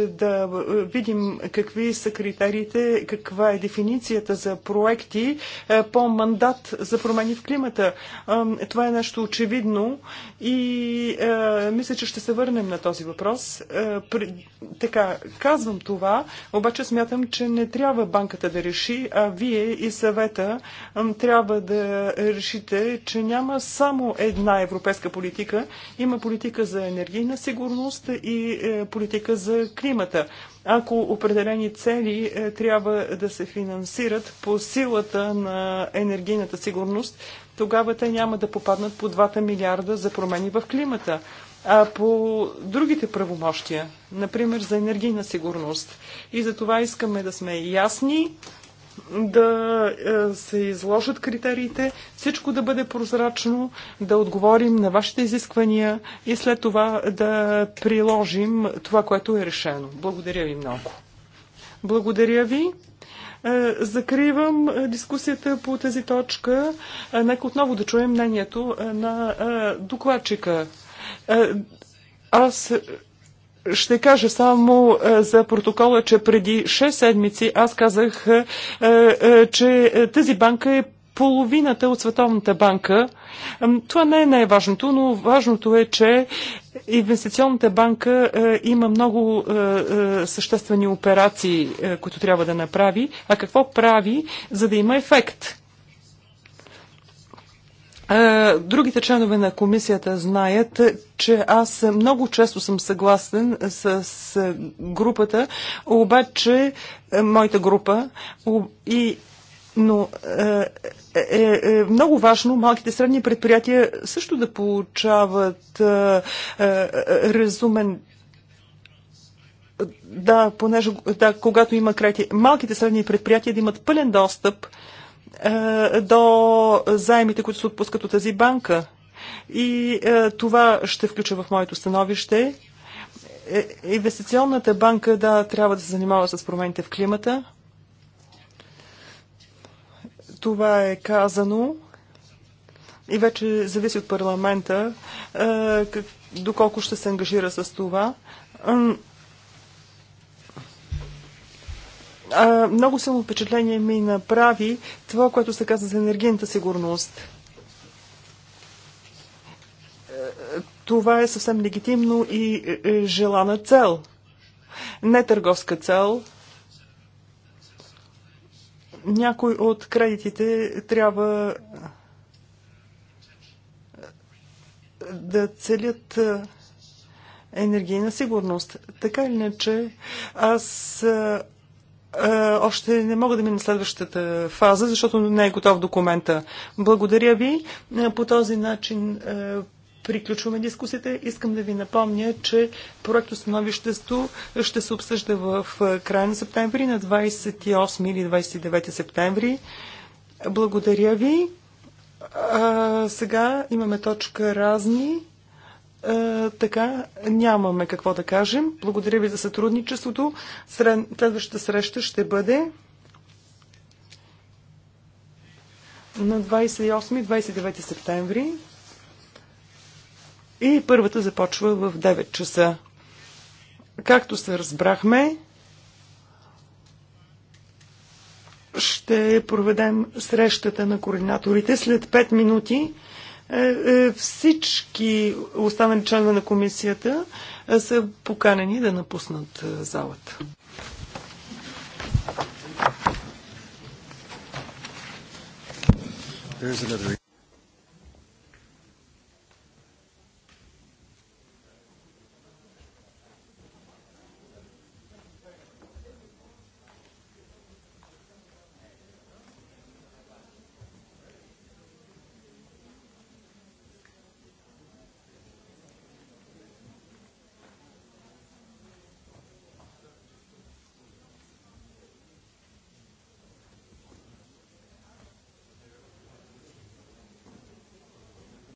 да видим какви са критериите, каква е дефиницията за проекти е, по мандат за промени в климата. Това е нещо очевидно и мисля, че ще се върнем на този въпрос. Така, казвам това, обаче смятам, че не трябва банката да реши, а вие и съвета трябва да решите, че няма само една европейска политика. Има политика за енергийна сигурност и е, политика за климата. Ако определени цели е, трябва да се финансират по силата на енергийната сигурност, тогава те няма да попаднат по 2 милиарда за промени в климата. А по другите правомощия, например за енергийна сигурност. И за това искаме да сме ясни, да е, се изложат критериите, всичко да бъде прозрачно, да отговорим на вашите изисквания и след това да приложим това, което е решено. Благодаря ви много. Благодаря ви. Е, закривам е, дискусията по тази точка. Нека отново да чуем мнението на докладчика. Аз ще кажа само е, за протокола, че преди 6 седмици аз казах, е, е, че тази банка е половината от Световната банка. Това не е най-важното, но важното е, че Инвестиционната банка е, има много е, е, съществени операции, е, които трябва да направи. А какво прави, за да има ефект? Е, другите членове на комисията знаят, че аз много често съм съгласен с групата, обаче е, моята група и но е, е, е много важно малките средни предприятия също да получават е, е, разумен да, понеже да, когато има крети, малките средни предприятия да имат пълен достъп е, до заемите, които се отпускат от тази банка. И е, това ще включа в моето становище. Е, инвестиционната банка, да, трябва да се занимава с промените в климата. Това е казано и вече зависи от парламента доколко ще се ангажира с това. А, много силно впечатление ми направи това, което се каза за енергийната сигурност. Е, това е съвсем легитимно и е, е, желана цел. Не търговска цел. Някой от кредитите трябва да целят енергийна сигурност. Така или иначе, аз е, още не мога да мина следващата фаза, защото не е готов документа. Благодаря ви. Е, по този начин е, приключваме дискусията. Искам да ви напомня, че становището ще се обсъжда в края на септември, на 28 или 29 септември. Благодаря ви. А, сега имаме точка разни. Е, така нямаме какво да кажем. Благодаря ви за сътрудничеството. Следващата среща ще бъде на 28-29 септември. И първата започва в 9 часа. Както се разбрахме, ще проведем срещата на координаторите след 5 минути. Е, е, всички останали членове на комисията е, са поканени да напуснат залата. There's another